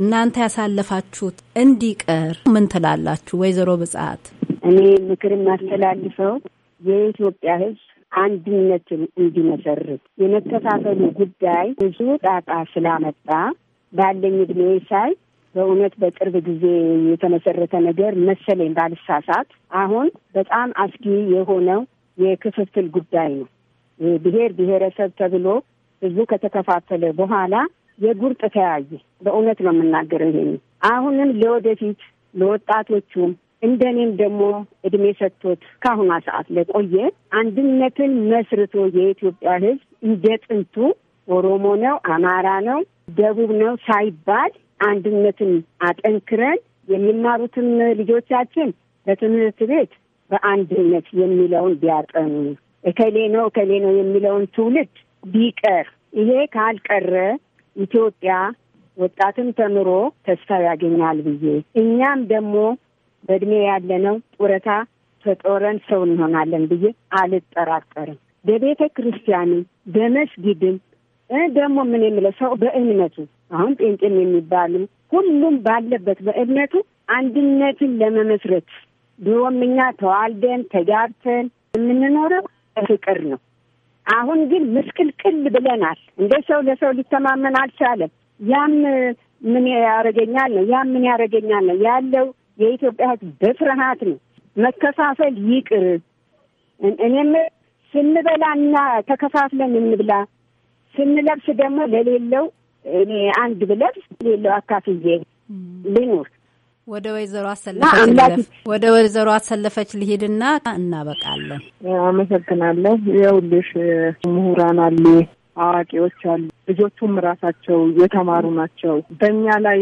እናንተ ያሳለፋችሁት እንዲቀር ምን ትላላችሁ? ወይዘሮ ብጽሀት እኔ ምክር የማስተላልፈው የኢትዮጵያ ሕዝብ አንድነትን እንዲመሰርት የመከፋፈሉ ጉዳይ ብዙ ጣጣ ስላመጣ ባለኝ እድሜ ሳይ በእውነት በቅርብ ጊዜ የተመሰረተ ነገር መሰለኝ ባልሳሳት፣ አሁን በጣም አስጊ የሆነው የክፍፍል ጉዳይ ነው። ብሔር ብሔረሰብ ተብሎ ህዝቡ ከተከፋፈለ በኋላ የጉርጥ ተያየ። በእውነት ነው የምናገር። ይሄ አሁንም ለወደፊት ለወጣቶቹም እንደኔም ደግሞ እድሜ ሰጥቶት ከአሁኗ ሰዓት ለቆየ አንድነትን መስርቶ የኢትዮጵያ ህዝብ እንደ ጥንቱ ኦሮሞ ነው፣ አማራ ነው፣ ደቡብ ነው ሳይባል አንድነትን አጠንክረን የሚማሩትም ልጆቻችን በትምህርት ቤት በአንድነት የሚለውን ቢያጠኑ እከሌ ነው እከሌ ነው የሚለውን ትውልድ ቢቀር ይሄ ካልቀረ ኢትዮጵያ ወጣትም ተምሮ ተስፋ ያገኛል ብዬ እኛም ደግሞ በእድሜ ያለነው ጡረታ ተጦረን ሰው እንሆናለን ብዬ አልጠራጠርም። በቤተ ክርስቲያንም በመስጊድም ደግሞ ምን የምለው ሰው በእምነቱ አሁን ጴንጤም የሚባሉ ሁሉም ባለበት በእምነቱ አንድነትን ለመመስረት ድሮም እኛ ተዋልደን ተጋብተን የምንኖረው በፍቅር ነው። አሁን ግን ምስቅልቅል ብለናል። እንደ ሰው ለሰው ሊተማመን አልቻለም። ያም ምን ያደረገኛል ነው፣ ያም ምን ያደረገኛል ነው ያለው የኢትዮጵያ ሕዝብ በፍርሃት ነው። መከፋፈል ይቅር። እኔም ስንበላና ተከፋፍለን እንብላ፣ ስንለብስ ደግሞ ለሌለው እኔ አንድ ብለብስ ሌለው አካፍዬ ልኑር ወደ ወይዘሮ አሰለፈች ወደ ወይዘሮ አሰለፈች ልሂድና እናበቃለን። አመሰግናለሁ። ይኸውልሽ ምሁራን አሉ፣ አዋቂዎች አሉ፣ ልጆቹም ራሳቸው የተማሩ ናቸው። በእኛ ላይ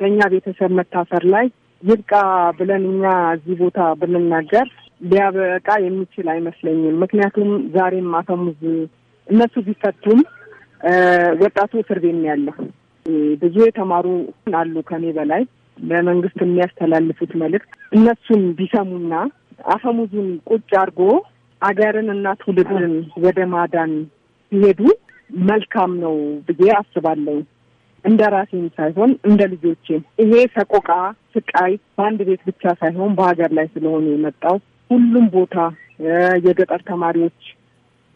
በእኛ ቤተሰብ መታፈር ላይ ይብቃ ብለን እኛ እዚህ ቦታ ብንናገር ሊያበቃ የሚችል አይመስለኝም። ምክንያቱም ዛሬም አፈሙዝ እነሱ ቢፈቱም ወጣቱ እስር ቤት ያለው ብዙ የተማሩ አሉ ከኔ በላይ ለመንግስት የሚያስተላልፉት መልእክት እነሱን ቢሰሙና አፈሙዙን ቁጭ አድርጎ አገርን እና ትውልድን ወደ ማዳን ሲሄዱ መልካም ነው ብዬ አስባለሁ። እንደ ራሴም ሳይሆን እንደ ልጆቼም ይሄ ሰቆቃ፣ ስቃይ በአንድ ቤት ብቻ ሳይሆን በሀገር ላይ ስለሆነ የመጣው ሁሉም ቦታ የገጠር ተማሪዎች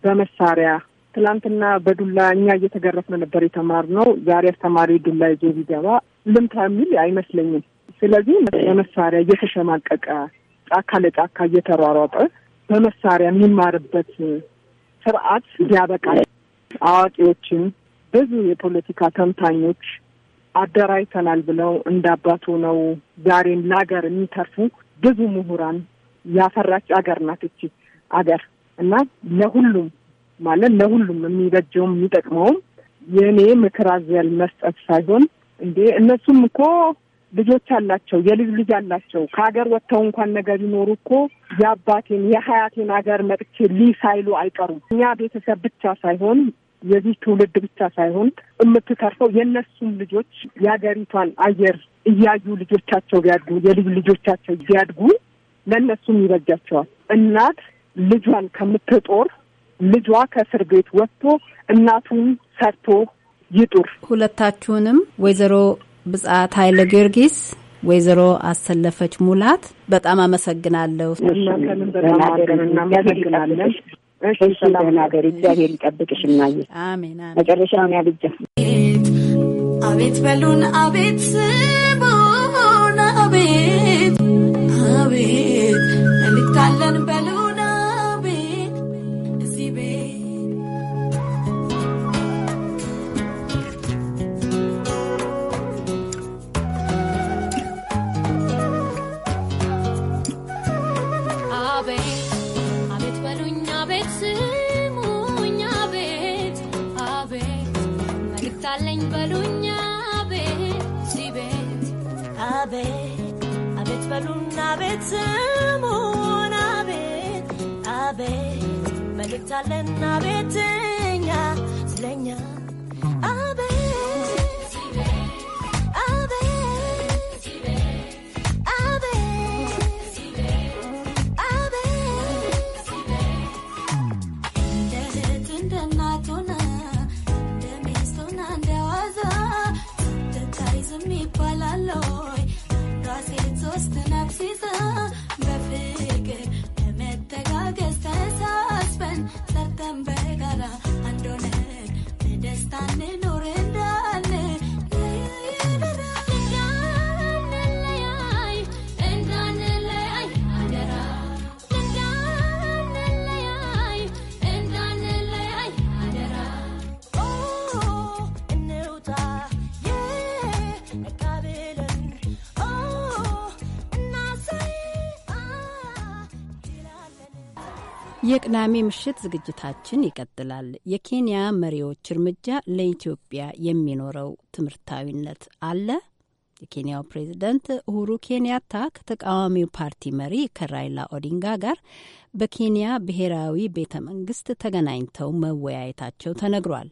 በመሳሪያ ትላንትና በዱላ እኛ እየተገረፍን ነበር የተማርነው። ዛሬ አስተማሪ ዱላ ይዞ ቢገባ ልምታ የሚል አይመስለኝም። ስለዚህ በመሳሪያ እየተሸማቀቀ ጫካ ለጫካ እየተሯሯጠ በመሳሪያ የሚማርበት ስርዓት ያበቃል። አዋቂዎችን ብዙ የፖለቲካ ተንታኞች አደራጅተናል ብለው እንዳባቱ ነው። ዛሬን ለሀገር የሚተርፉ ብዙ ምሁራን ያፈራች አገር ናት እቺ አገር እና ለሁሉም ማለት ለሁሉም የሚበጀውም የሚጠቅመውም የእኔ ምክር አዘል መስጠት ሳይሆን እንዴ እነሱም እኮ ልጆች አላቸው፣ የልጅ ልጅ አላቸው። ከሀገር ወጥተው እንኳን ነገር ቢኖሩ እኮ የአባቴን የሀያቴን ሀገር መጥቼ ሊሳይሉ አይቀሩም። እኛ ቤተሰብ ብቻ ሳይሆን የዚህ ትውልድ ብቻ ሳይሆን የምትተርፈው የእነሱም ልጆች የሀገሪቷን አየር እያዩ ልጆቻቸው ቢያድጉ የልጅ ልጆቻቸው ቢያድጉ ለእነሱም ይበጃቸዋል። እናት ልጇን ከምትጦር ልጇ ከእስር ቤት ወጥቶ እናቱን ሰርቶ ይጡር። ሁለታችሁንም ወይዘሮ ብጻት ኃይለ ጊዮርጊስ ወይዘሮ አሰለፈች ሙላት በጣም አመሰግናለሁ። እናመሰግናለን። እግዚአብሔር ይጠብቅሽ። እናየ አሜን። መጨረሻ ያብጃ። አቤት በሉን፣ አቤት ስቡን፣ አቤት አቤት እንታለን በሉ አቤት ስሙን አቤት አቤት መልእክት አለን አቤት እኛ ስለኛ What's the next የቅዳሜ ምሽት ዝግጅታችን ይቀጥላል። የኬንያ መሪዎች እርምጃ ለኢትዮጵያ የሚኖረው ትምህርታዊነት አለ። የኬንያው ፕሬዝደንት ኡሁሩ ኬንያታ ከተቃዋሚው ፓርቲ መሪ ከራይላ ኦዲንጋ ጋር በኬንያ ብሔራዊ ቤተ መንግስት ተገናኝተው መወያየታቸው ተነግሯል።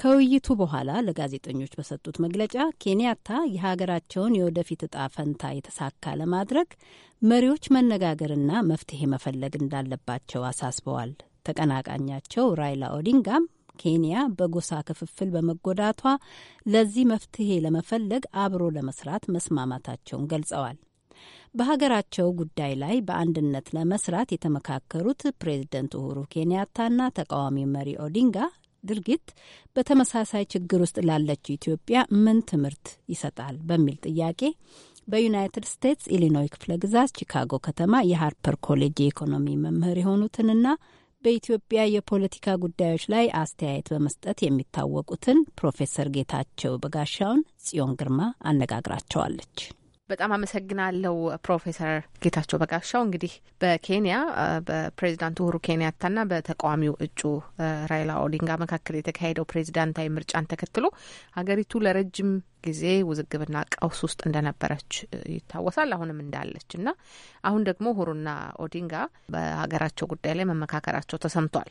ከውይይቱ በኋላ ለጋዜጠኞች በሰጡት መግለጫ ኬንያታ የሀገራቸውን የወደፊት እጣ ፈንታ የተሳካ ለማድረግ መሪዎች መነጋገርና መፍትሄ መፈለግ እንዳለባቸው አሳስበዋል። ተቀናቃኛቸው ራይላ ኦዲንጋም ኬንያ በጎሳ ክፍፍል በመጎዳቷ ለዚህ መፍትሄ ለመፈለግ አብሮ ለመስራት መስማማታቸውን ገልጸዋል። በሀገራቸው ጉዳይ ላይ በአንድነት ለመስራት የተመካከሩት ፕሬዝደንት ኡሁሩ ኬንያታና ተቃዋሚ መሪ ኦዲንጋ ድርጊት በተመሳሳይ ችግር ውስጥ ላለችው ኢትዮጵያ ምን ትምህርት ይሰጣል በሚል ጥያቄ በዩናይትድ ስቴትስ ኢሊኖይ ክፍለ ግዛት ቺካጎ ከተማ የሃርፐር ኮሌጅ የኢኮኖሚ መምህር የሆኑትንና በኢትዮጵያ የፖለቲካ ጉዳዮች ላይ አስተያየት በመስጠት የሚታወቁትን ፕሮፌሰር ጌታቸው በጋሻውን ጽዮን ግርማ አነጋግራቸዋለች። በጣም አመሰግናለሁ ፕሮፌሰር ጌታቸው በጋሻው። እንግዲህ በኬንያ በፕሬዚዳንት ኡሁሩ ኬንያታና በተቃዋሚው እጩ ራይላ ኦዲንጋ መካከል የተካሄደው ፕሬዚዳንታዊ ምርጫን ተከትሎ ሀገሪቱ ለረጅም ጊዜ ውዝግብና ቀውስ ውስጥ እንደነበረች ይታወሳል። አሁንም እንዳለች እና አሁን ደግሞ ኡሁሩና ኦዲንጋ በሀገራቸው ጉዳይ ላይ መመካከራቸው ተሰምቷል።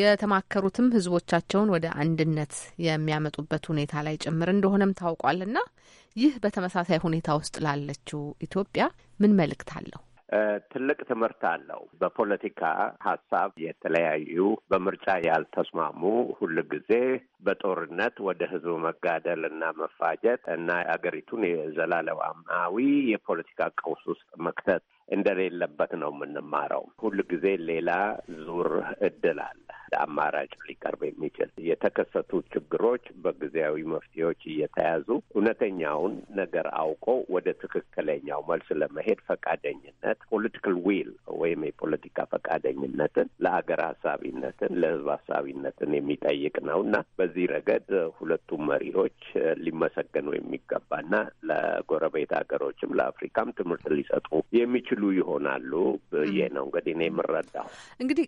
የተማከሩትም ህዝቦቻቸውን ወደ አንድነት የሚያመጡበት ሁኔታ ላይ ጭምር እንደሆነም ታውቋል እና ይህ በተመሳሳይ ሁኔታ ውስጥ ላለችው ኢትዮጵያ ምን መልእክት አለው? ትልቅ ትምህርት አለው። በፖለቲካ ሀሳብ የተለያዩ በምርጫ ያልተስማሙ ሁል ጊዜ በጦርነት ወደ ህዝቡ መጋደል እና መፋጀት እና አገሪቱን የዘላለማዊ የፖለቲካ ቀውስ ውስጥ መክተት እንደሌለበት ነው የምንማረው። ሁል ጊዜ ሌላ ዙር እድል አለ። አማራጭ ሊቀርብ የሚችል የተከሰቱ ችግሮች በጊዜያዊ መፍትሄዎች እየተያዙ እውነተኛውን ነገር አውቆ ወደ ትክክለኛው መልስ ለመሄድ ፈቃደኝነት ፖለቲካል ዊል ወይም የፖለቲካ ፈቃደኝነትን ለሀገር ሀሳቢነትን ለህዝብ ሀሳቢነትን የሚጠይቅ ነው እና በዚህ ረገድ ሁለቱም መሪዎች ሊመሰገኑ የሚገባና ለጎረቤት ሀገሮችም ለአፍሪካም ትምህርት ሊሰጡ የሚችሉ ይሆናሉ ብዬ ነው እንግዲህ እኔ የምረዳው። እንግዲህ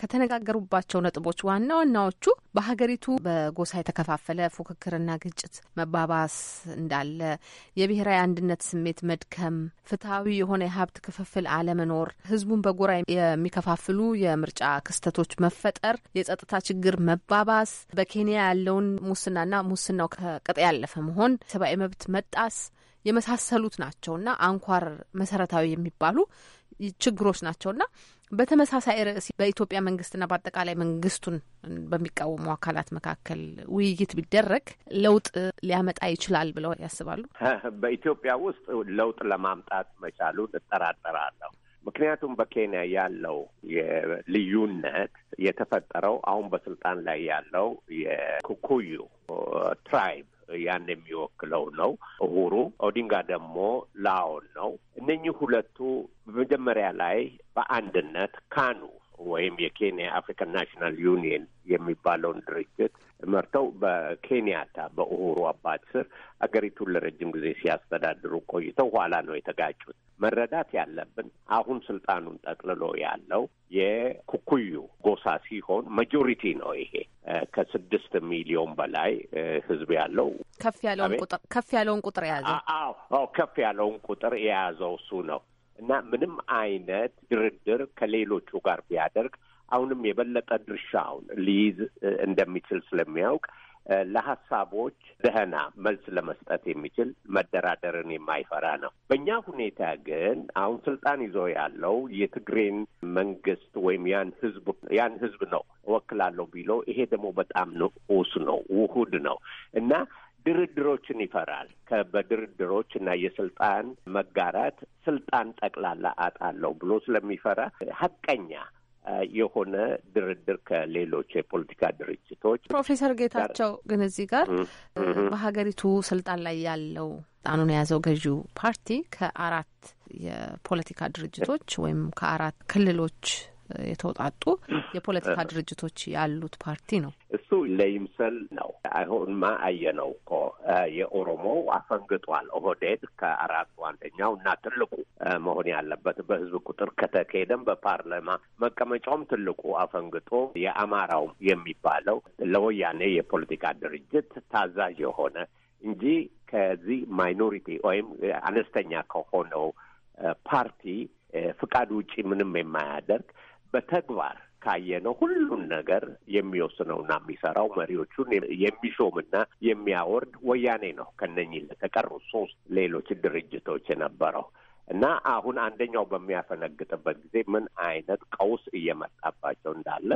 ከተነጋገሩ ከተነሱባቸው ነጥቦች ዋና ዋናዎቹ በሀገሪቱ በጎሳ የተከፋፈለ ፉክክርና ግጭት መባባስ እንዳለ፣ የብሔራዊ አንድነት ስሜት መድከም፣ ፍትሐዊ የሆነ የሀብት ክፍፍል አለመኖር፣ ህዝቡን በጎራ የሚከፋፍሉ የምርጫ ክስተቶች መፈጠር፣ የጸጥታ ችግር መባባስ፣ በኬንያ ያለውን ሙስናና ሙስናው ከቅጥ ያለፈ መሆን፣ ሰብአዊ መብት መጣስ የመሳሰሉት ናቸውና አንኳር መሰረታዊ የሚባሉ ችግሮች ናቸውና በተመሳሳይ ርዕስ በኢትዮጵያ መንግስትና በአጠቃላይ መንግስቱን በሚቃወሙ አካላት መካከል ውይይት ቢደረግ ለውጥ ሊያመጣ ይችላል ብለው ያስባሉ? በኢትዮጵያ ውስጥ ለውጥ ለማምጣት መቻሉን እጠራጠራለሁ። ምክንያቱም በኬንያ ያለው የልዩነት የተፈጠረው አሁን በስልጣን ላይ ያለው የኩኩዩ ትራይብ ያን የሚወክለው ነው። እሁሩ ኦዲንጋ ደግሞ ላኦን ነው። እነኚህ ሁለቱ በመጀመሪያ ላይ በአንድነት ካኑ ወይም የኬንያ አፍሪካን ናሽናል ዩኒየን የሚባለውን ድርጅት መርተው በኬንያታ በኡሁሩ አባት ስር አገሪቱን ለረጅም ጊዜ ሲያስተዳድሩ ቆይተው ኋላ ነው የተጋጩት። መረዳት ያለብን አሁን ስልጣኑን ጠቅልሎ ያለው የኩኩዩ ጎሳ ሲሆን መጆሪቲ ነው። ይሄ ከስድስት ሚሊዮን በላይ ህዝብ ያለው ከፍ ያለውን ቁጥር ከፍ ያለውን ቁጥር የያዘ ከፍ ያለውን ቁጥር የያዘው እሱ ነው እና ምንም አይነት ድርድር ከሌሎቹ ጋር ቢያደርግ አሁንም የበለጠ ድርሻውን ሊይዝ እንደሚችል ስለሚያውቅ ለሀሳቦች ደህና መልስ ለመስጠት የሚችል መደራደርን የማይፈራ ነው። በእኛ ሁኔታ ግን አሁን ስልጣን ይዞ ያለው የትግሬን መንግስት ወይም ያን ህዝብ ያን ህዝብ ነው እወክላለሁ ቢሎ ይሄ ደግሞ በጣም ንዑስ ነው፣ ውሁድ ነው እና ድርድሮችን ይፈራል። በድርድሮች እና የስልጣን መጋራት ስልጣን ጠቅላላ አጣለሁ ብሎ ስለሚፈራ ሀቀኛ የሆነ ድርድር ከሌሎች የፖለቲካ ድርጅቶች። ፕሮፌሰር ጌታቸው ግን እዚህ ጋር በሀገሪቱ ስልጣን ላይ ያለው ጣኑን የያዘው ገዢው ፓርቲ ከአራት የፖለቲካ ድርጅቶች ወይም ከአራት ክልሎች የተውጣጡ የፖለቲካ ድርጅቶች ያሉት ፓርቲ ነው። እሱ ለይምሰል ነው። አሁንማ አየነው እኮ የኦሮሞ አፈንግጧል። ኦህዴድ ከአራቱ አንደኛው እና ትልቁ መሆን ያለበት በህዝብ ቁጥር ከተካሄደም በፓርላማ መቀመጫውም ትልቁ አፈንግጦ የአማራው የሚባለው ለወያኔ የፖለቲካ ድርጅት ታዛዥ የሆነ እንጂ ከዚህ ማይኖሪቲ ወይም አነስተኛ ከሆነው ፓርቲ ፍቃድ ውጪ ምንም የማያደርግ በተግባር ካየነው ሁሉን ነገር የሚወስነውና የሚሰራው መሪዎቹን የሚሾምና የሚያወርድ ወያኔ ነው። ከነኚህ ለተቀሩ ሶስት ሌሎች ድርጅቶች የነበረው እና አሁን አንደኛው በሚያፈነግጥበት ጊዜ ምን አይነት ቀውስ እየመጣባቸው እንዳለ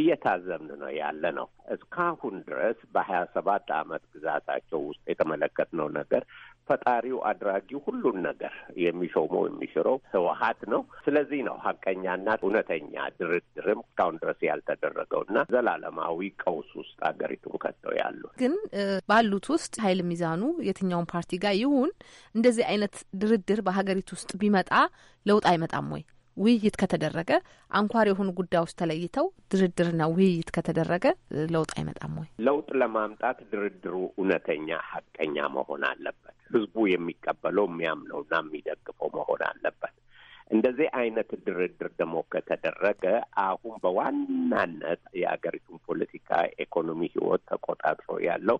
እየታዘብን ነው ያለ ነው። እስካሁን ድረስ በሀያ ሰባት አመት ግዛታቸው ውስጥ የተመለከትነው ነገር ፈጣሪው አድራጊው ሁሉን ነገር የሚሾመው የሚሽረው ህወሀት ነው። ስለዚህ ነው ሀቀኛና እውነተኛ ድርድርም እስካሁን ድረስ እና ዘላለማዊ ቀውስ ውስጥ ሀገሪቱን ከተው ያሉ ግን ባሉት ውስጥ ሀይል ሚዛኑ የትኛውን ፓርቲ ጋር ይሁን እንደዚህ አይነት ድርድር በሀገሪቱ ውስጥ ቢመጣ ለውጥ አይመጣም ወይ? ውይይት ከተደረገ አንኳር የሆኑ ጉዳዮች ተለይተው ድርድርና ውይይት ከተደረገ ለውጥ አይመጣም ወይ? ለውጥ ለማምጣት ድርድሩ እውነተኛ ሀቀኛ መሆን አለበት። ህዝቡ የሚቀበለው የሚያምነውና የሚደግፈው መሆን አለበት። እንደዚህ አይነት ድርድር ደግሞ ከተደረገ አሁን በዋናነት የአገሪቱን ፖለቲካ፣ ኢኮኖሚ ህይወት ተቆጣጥሮ ያለው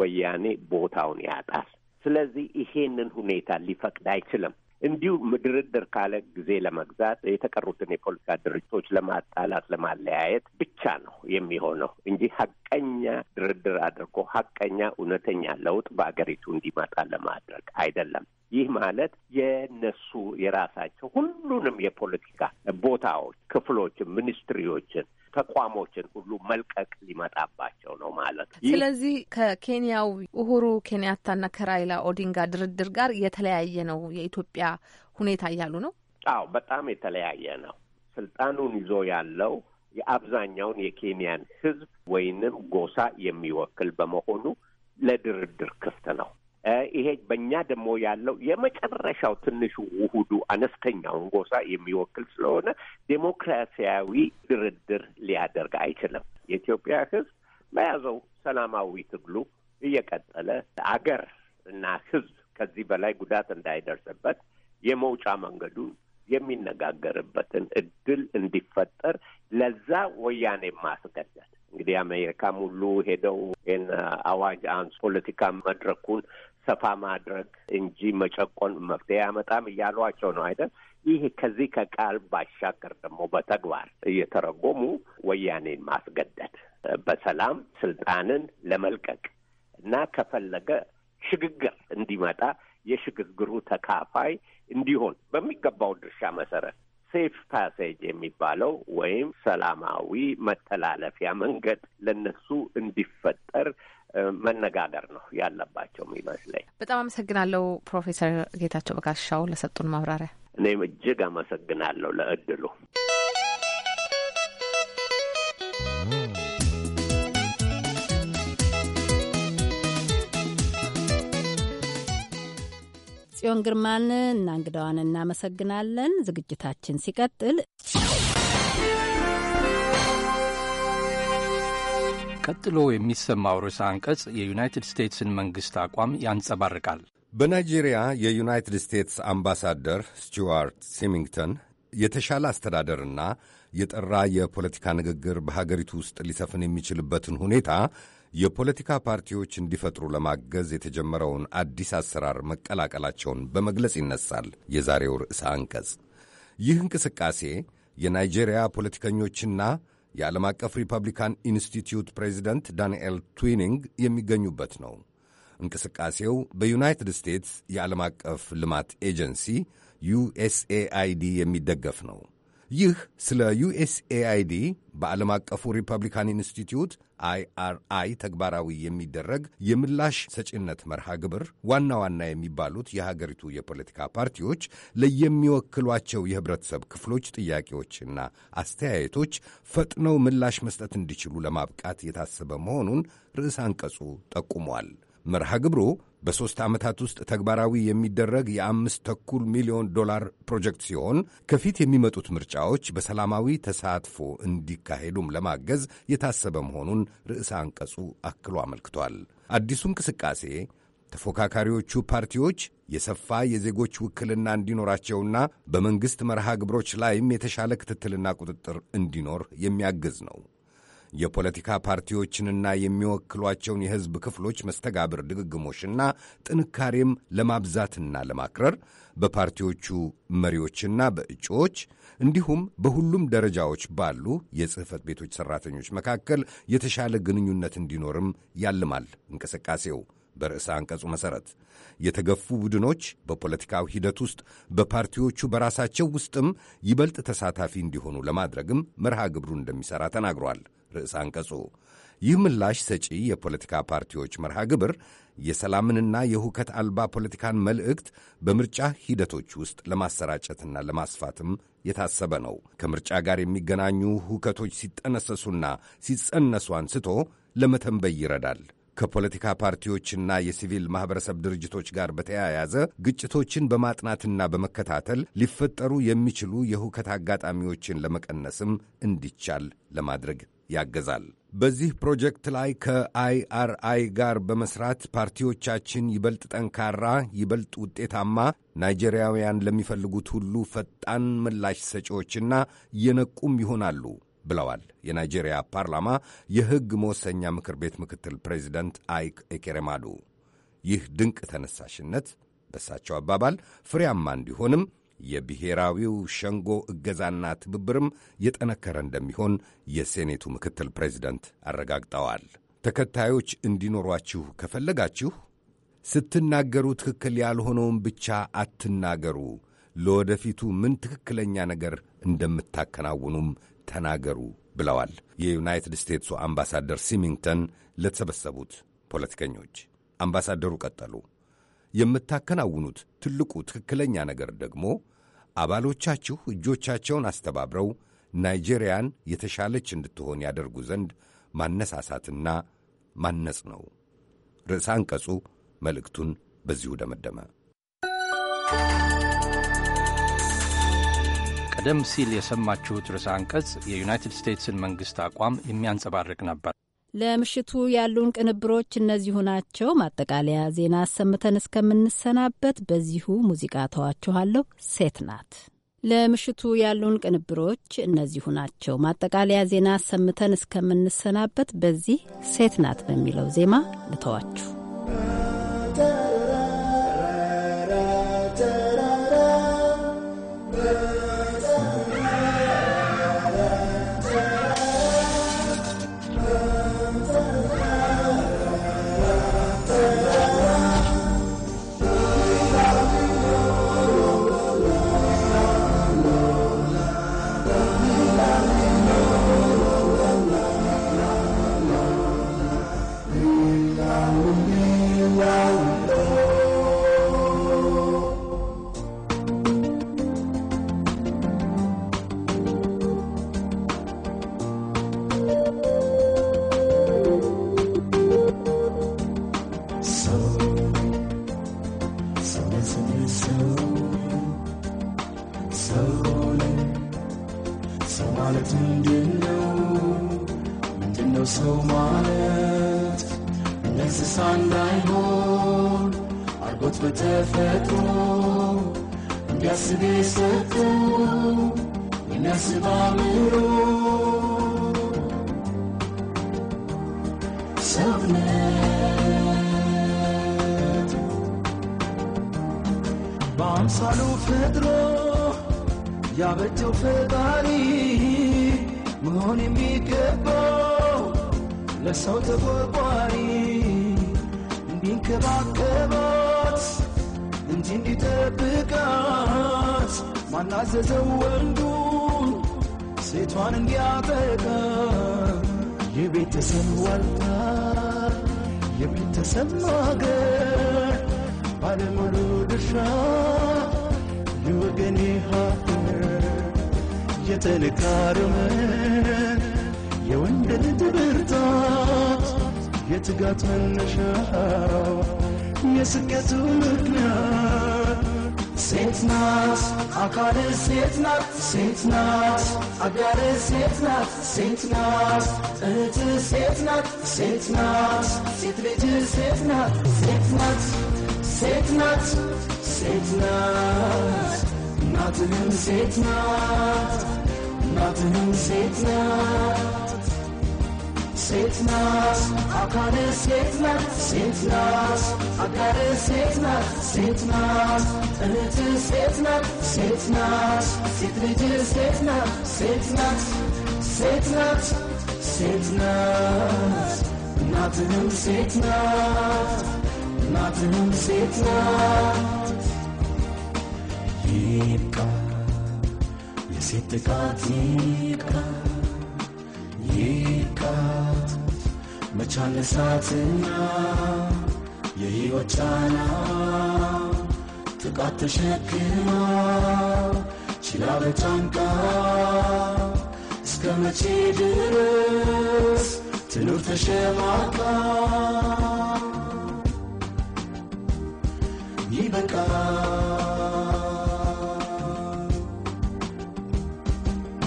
ወያኔ ቦታውን ያጣል። ስለዚህ ይሄንን ሁኔታ ሊፈቅድ አይችልም። እንዲሁ ድርድር ካለ ጊዜ ለመግዛት የተቀሩትን የፖለቲካ ድርጅቶች ለማጣላት፣ ለማለያየት ብቻ ነው የሚሆነው እንጂ ሀቀኛ ድርድር አድርጎ ሀቀኛ እውነተኛ ለውጥ በአገሪቱ እንዲመጣ ለማድረግ አይደለም። ይህ ማለት የነሱ የራሳቸው ሁሉንም የፖለቲካ ቦታዎች፣ ክፍሎችን፣ ሚኒስትሪዎችን ተቋሞችን ሁሉ መልቀቅ ሊመጣባቸው ነው ማለት ነው። ስለዚህ ከኬንያው ኡሁሩ ኬንያታና ከራይላ ኦዲንጋ ድርድር ጋር የተለያየ ነው የኢትዮጵያ ሁኔታ እያሉ ነው። አዎ በጣም የተለያየ ነው። ስልጣኑን ይዞ ያለው የአብዛኛውን የኬንያን ሕዝብ ወይንም ጎሳ የሚወክል በመሆኑ ለድርድር ክፍት ነው። ይሄ በእኛ ደግሞ ያለው የመጨረሻው ትንሹ ውሁዱ አነስተኛውን ጎሳ የሚወክል ስለሆነ ዴሞክራሲያዊ ድርድር ሊያደርግ አይችልም። የኢትዮጵያ ሕዝብ በያዘው ሰላማዊ ትግሉ እየቀጠለ አገር እና ሕዝብ ከዚህ በላይ ጉዳት እንዳይደርስበት የመውጫ መንገዱ የሚነጋገርበትን እድል እንዲፈጠር ለዛ ወያኔ ማስገደድ እንግዲህ አሜሪካም ሁሉ ሄደው ይህን አዋጅ አንስ ፖለቲካ መድረኩን ሰፋ ማድረግ እንጂ መጨቆን መፍትሄ ያመጣም እያሏቸው ነው አይደል? ይህ ከዚህ ከቃል ባሻገር ደግሞ በተግባር እየተረጎሙ ወያኔን ማስገደድ፣ በሰላም ስልጣንን ለመልቀቅ እና ከፈለገ ሽግግር እንዲመጣ የሽግግሩ ተካፋይ እንዲሆን በሚገባው ድርሻ መሰረት ሴፍ ፓሴጅ የሚባለው ወይም ሰላማዊ መተላለፊያ መንገድ ለነሱ እንዲፈጠር መነጋገር ነው ያለባቸው ይመስለኝ። በጣም አመሰግናለሁ ፕሮፌሰር ጌታቸው በጋሻው ለሰጡን ማብራሪያ። እኔም እጅግ አመሰግናለሁ ለእድሉ። ጽዮን ግርማን እና እንግዳዋን እናመሰግናለን። ዝግጅታችን ሲቀጥል ቀጥሎ የሚሰማው ርዕሰ አንቀጽ የዩናይትድ ስቴትስን መንግሥት አቋም ያንጸባርቃል። በናይጄሪያ የዩናይትድ ስቴትስ አምባሳደር ስቲዋርት ሲሚንግተን የተሻለ አስተዳደርና የጠራ የፖለቲካ ንግግር በሀገሪቱ ውስጥ ሊሰፍን የሚችልበትን ሁኔታ የፖለቲካ ፓርቲዎች እንዲፈጥሩ ለማገዝ የተጀመረውን አዲስ አሰራር መቀላቀላቸውን በመግለጽ ይነሳል የዛሬው ርዕሰ አንቀጽ። ይህ እንቅስቃሴ የናይጄሪያ ፖለቲከኞችና የዓለም አቀፍ ሪፐብሊካን ኢንስቲትዩት ፕሬዚደንት ዳንኤል ትዊኒንግ የሚገኙበት ነው። እንቅስቃሴው በዩናይትድ ስቴትስ የዓለም አቀፍ ልማት ኤጀንሲ ዩኤስኤአይዲ የሚደገፍ ነው። ይህ ስለ ዩኤስኤአይዲ በዓለም አቀፉ ሪፐብሊካን ኢንስቲትዩት አይአርአይ ተግባራዊ የሚደረግ የምላሽ ሰጪነት መርሃ ግብር ዋና ዋና የሚባሉት የሀገሪቱ የፖለቲካ ፓርቲዎች ለየሚወክሏቸው የህብረተሰብ ክፍሎች ጥያቄዎችና አስተያየቶች ፈጥነው ምላሽ መስጠት እንዲችሉ ለማብቃት የታሰበ መሆኑን ርዕስ አንቀጹ ጠቁሟል። መርሃ ግብሩ በሦስት ዓመታት ውስጥ ተግባራዊ የሚደረግ የአምስት ተኩል ሚሊዮን ዶላር ፕሮጀክት ሲሆን ከፊት የሚመጡት ምርጫዎች በሰላማዊ ተሳትፎ እንዲካሄዱም ለማገዝ የታሰበ መሆኑን ርዕሰ አንቀጹ አክሎ አመልክቷል። አዲሱ እንቅስቃሴ ተፎካካሪዎቹ ፓርቲዎች የሰፋ የዜጎች ውክልና እንዲኖራቸውና በመንግሥት መርሃ ግብሮች ላይም የተሻለ ክትትልና ቁጥጥር እንዲኖር የሚያግዝ ነው። የፖለቲካ ፓርቲዎችንና የሚወክሏቸውን የሕዝብ ክፍሎች መስተጋብር ድግግሞሽና ጥንካሬም ለማብዛትና ለማክረር በፓርቲዎቹ መሪዎችና በእጩዎች እንዲሁም በሁሉም ደረጃዎች ባሉ የጽህፈት ቤቶች ሠራተኞች መካከል የተሻለ ግንኙነት እንዲኖርም ያልማል እንቅስቃሴው። በርዕሰ አንቀጹ መሠረት የተገፉ ቡድኖች በፖለቲካው ሂደት ውስጥ በፓርቲዎቹ በራሳቸው ውስጥም ይበልጥ ተሳታፊ እንዲሆኑ ለማድረግም መርሃ ግብሩ እንደሚሠራ ተናግሯል። ርዕስ አንቀጹ። ይህ ምላሽ ሰጪ የፖለቲካ ፓርቲዎች መርሃ ግብር የሰላምንና የሁከት አልባ ፖለቲካን መልእክት በምርጫ ሂደቶች ውስጥ ለማሰራጨትና ለማስፋትም የታሰበ ነው። ከምርጫ ጋር የሚገናኙ ሁከቶች ሲጠነሰሱና ሲጸነሱ አንስቶ ለመተንበይ ይረዳል። ከፖለቲካ ፓርቲዎችና የሲቪል ማኅበረሰብ ድርጅቶች ጋር በተያያዘ ግጭቶችን በማጥናትና በመከታተል ሊፈጠሩ የሚችሉ የሁከት አጋጣሚዎችን ለመቀነስም እንዲቻል ለማድረግ ያገዛል። በዚህ ፕሮጀክት ላይ ከአይአርአይ ጋር በመስራት ፓርቲዎቻችን ይበልጥ ጠንካራ፣ ይበልጥ ውጤታማ፣ ናይጄሪያውያን ለሚፈልጉት ሁሉ ፈጣን ምላሽ ሰጪዎችና የነቁም ይሆናሉ ብለዋል የናይጄሪያ ፓርላማ የሕግ መወሰኛ ምክር ቤት ምክትል ፕሬዚደንት አይክ ኤኬሬማዱ። ይህ ድንቅ ተነሳሽነት በሳቸው አባባል ፍሬያማ እንዲሆንም የብሔራዊው ሸንጎ እገዛና ትብብርም የጠነከረ እንደሚሆን የሴኔቱ ምክትል ፕሬዚደንት አረጋግጠዋል። ተከታዮች እንዲኖሯችሁ ከፈለጋችሁ ስትናገሩ ትክክል ያልሆነውን ብቻ አትናገሩ፣ ለወደፊቱ ምን ትክክለኛ ነገር እንደምታከናውኑም ተናገሩ ብለዋል የዩናይትድ ስቴትሱ አምባሳደር ሲሚንግተን ለተሰበሰቡት ፖለቲከኞች። አምባሳደሩ ቀጠሉ። የምታከናውኑት ትልቁ ትክክለኛ ነገር ደግሞ አባሎቻችሁ እጆቻቸውን አስተባብረው ናይጄሪያን የተሻለች እንድትሆን ያደርጉ ዘንድ ማነሳሳትና ማነጽ ነው። ርዕሰ አንቀጹ መልእክቱን በዚሁ ደመደመ። ቀደም ሲል የሰማችሁት ርዕሰ አንቀጽ የዩናይትድ ስቴትስን መንግሥት አቋም የሚያንጸባርቅ ነበር። ለምሽቱ ያሉን ቅንብሮች እነዚሁ ናቸው። ማጠቃለያ ዜና አሰምተን እስከምንሰናበት በዚሁ ሙዚቃ ተዋችኋለሁ። ሴት ናት። ለምሽቱ ያሉን ቅንብሮች እነዚሁ ናቸው። ማጠቃለያ ዜና አሰምተን እስከምንሰናበት በዚህ ሴት ናት በሚለው ዜማ ልተዋችሁ። በተፈጥሮ እንዲያስብ የሰጠው የሚያስብ አእምሮ ሰውነት በአምሳሉ ፈጥሮ ያበጀው ፈጣሪ መሆን የሚገባው ለሰው ተቆርቋሪ እንዲንከባከበው እንዲጠብቃት ማናዘዘው ወንዱን ሴቷን እንዲያጠቃ የቤተሰብ ዋልታ የቤተሰብ ማገር ባለሙሉ ድርሻ የወገኔ ሀገር የጥንካሬው የወንድ ልጅ ብርታት የትጋት መነሻው የስቀቱ ምክንያት ሴት ናት፣ አካል ሴት ናት፣ ሴት ናት፣ አጋር ሴት ናት፣ ሴት ናት፣ እህት ሴት ናት፣ ሴት ናት፣ ሴት ልጅ ሴት ናት፣ ሴት ናት፣ ሴት ናት፣ ሴት ናት፣ እናትህም ሴት ናት፣ እናትህም ሴት ናት Six nas, I got it six knots, six knots, I got it six nas. six knots, and it is six knots, six knots, it is six knots, six knots, six knots, six knots, Nottingham six knots, Nottingham six knots. يبقى يا ست قاتيبقى يبقى መቻነሳትና የሕይወት ጫና ጥቃት ተሸክማ ችላ በጫንቃ እስከ መቼ ድረስ ትኑር ተሸማቃ? ይበቃል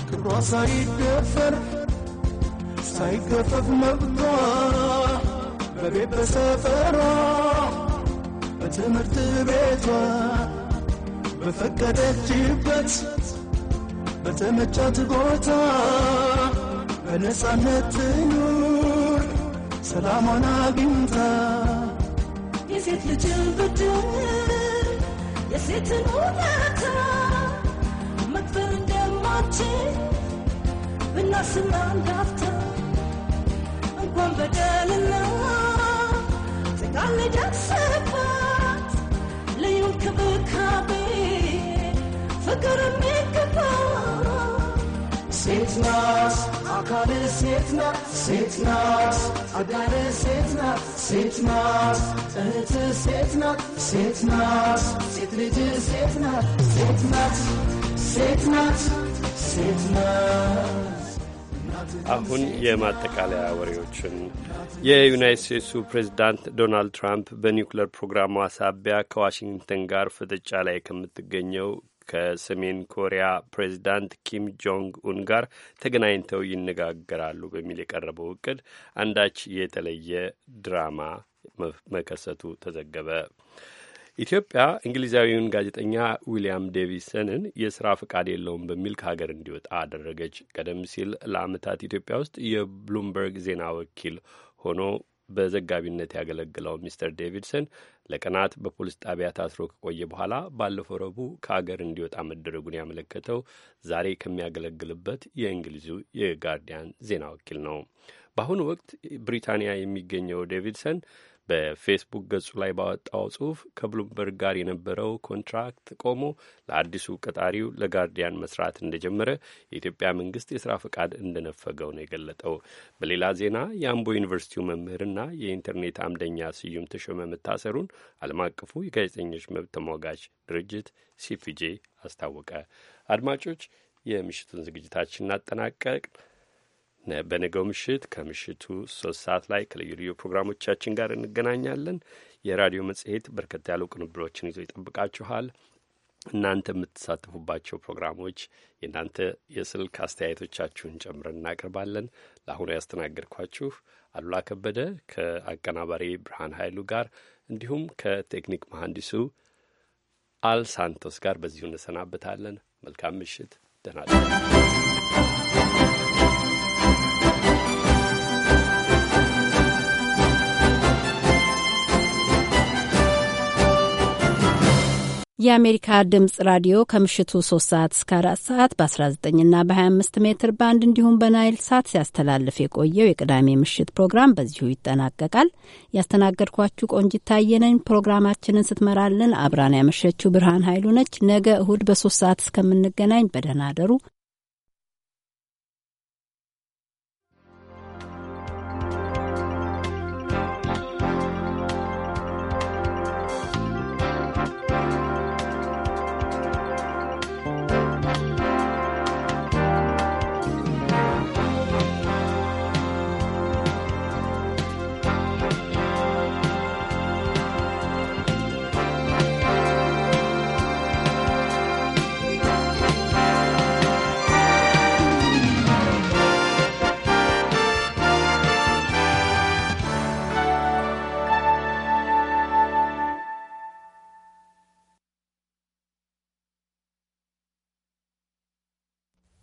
ክብሯ ሳይደፈር ሳይገፈፍ መብቷ በቤት በሰፈሯ በትምህርት ቤቷ በፈቀደችበት በተመቻት ቦታ በነፃነት ትኑር ሰላሟን አግኝታ የሴት ልጅ ብድር የሴትን ውለታ መክፈል እንደማችን ብናስብ كون بدل النوار تقالي جات سفات ليون كبكابي فقر ميكبار ሴት ናት አካል ሴት ናት ሴት ናት አጋር ሴት ናት ሴት ናት እህት ሴት ናት ሴት ናት ሴት ልጅ ሴት ናት ሴት ናት ሴት ናት ሴት ናት አሁን የማጠቃለያ ወሬዎችን የዩናይት ስቴትሱ ፕሬዚዳንት ዶናልድ ትራምፕ በኒውክለር ፕሮግራሟ ሳቢያ ከዋሽንግተን ጋር ፍጥጫ ላይ ከምትገኘው ከሰሜን ኮሪያ ፕሬዚዳንት ኪም ጆንግ ኡን ጋር ተገናኝተው ይነጋገራሉ በሚል የቀረበው እቅድ አንዳች የተለየ ድራማ መከሰቱ ተዘገበ። ኢትዮጵያ እንግሊዛዊውን ጋዜጠኛ ዊልያም ዴቪሰንን የስራ ፈቃድ የለውም በሚል ከሀገር እንዲወጣ አደረገች። ቀደም ሲል ለአመታት ኢትዮጵያ ውስጥ የብሉምበርግ ዜና ወኪል ሆኖ በዘጋቢነት ያገለግለው ሚስተር ዴቪድሰን ለቀናት በፖሊስ ጣቢያ ታስሮ ከቆየ በኋላ ባለፈው ረቡዕ ከአገር እንዲወጣ መደረጉን ያመለከተው ዛሬ ከሚያገለግልበት የእንግሊዙ የጋርዲያን ዜና ወኪል ነው። በአሁኑ ወቅት ብሪታንያ የሚገኘው ዴቪድሰን በፌስቡክ ገጹ ላይ ባወጣው ጽሁፍ ከብሉምበርግ ጋር የነበረው ኮንትራክት ቆሞ ለአዲሱ ቀጣሪው ለጋርዲያን መስራት እንደጀመረ የኢትዮጵያ መንግስት የስራ ፈቃድ እንደነፈገው ነው የገለጠው። በሌላ ዜና የአምቦ ዩኒቨርሲቲው መምህርና የኢንተርኔት አምደኛ ስዩም ተሾመ መታሰሩን ዓለም አቀፉ የጋዜጠኞች መብት ተሟጋች ድርጅት ሲፒጄ አስታወቀ። አድማጮች የምሽቱን ዝግጅታችን እናጠናቀቅ። በነገው ምሽት ከምሽቱ ሶስት ሰዓት ላይ ከልዩ ልዩ ፕሮግራሞቻችን ጋር እንገናኛለን። የራዲዮ መጽሔት በርከት ያሉ ቅንብሮችን ይዞ ይጠብቃችኋል። እናንተ የምትሳተፉባቸው ፕሮግራሞች የእናንተ የስልክ አስተያየቶቻችሁን ጨምረን እናቀርባለን። ለአሁኑ ያስተናገድኳችሁ አሉላ ከበደ ከአቀናባሪ ብርሃን ኃይሉ ጋር እንዲሁም ከቴክኒክ መሐንዲሱ አል ሳንቶስ ጋር በዚሁ እንሰናበታለን። መልካም ምሽት። ደህና የአሜሪካ ድምጽ ራዲዮ ከምሽቱ 3 ሰዓት እስከ 4 ሰዓት በ19ና በ25 ሜትር ባንድ እንዲሁም በናይል ሳት ሲያስተላልፍ የቆየው የቅዳሜ ምሽት ፕሮግራም በዚሁ ይጠናቀቃል። ያስተናገድኳችሁ ቆንጂት ታየነኝ። ፕሮግራማችንን ስትመራልን አብራን ያመሸችው ብርሃን ኃይሉ ነች። ነገ እሁድ በሶስት ሰዓት እስከምንገናኝ በደህና አደሩ።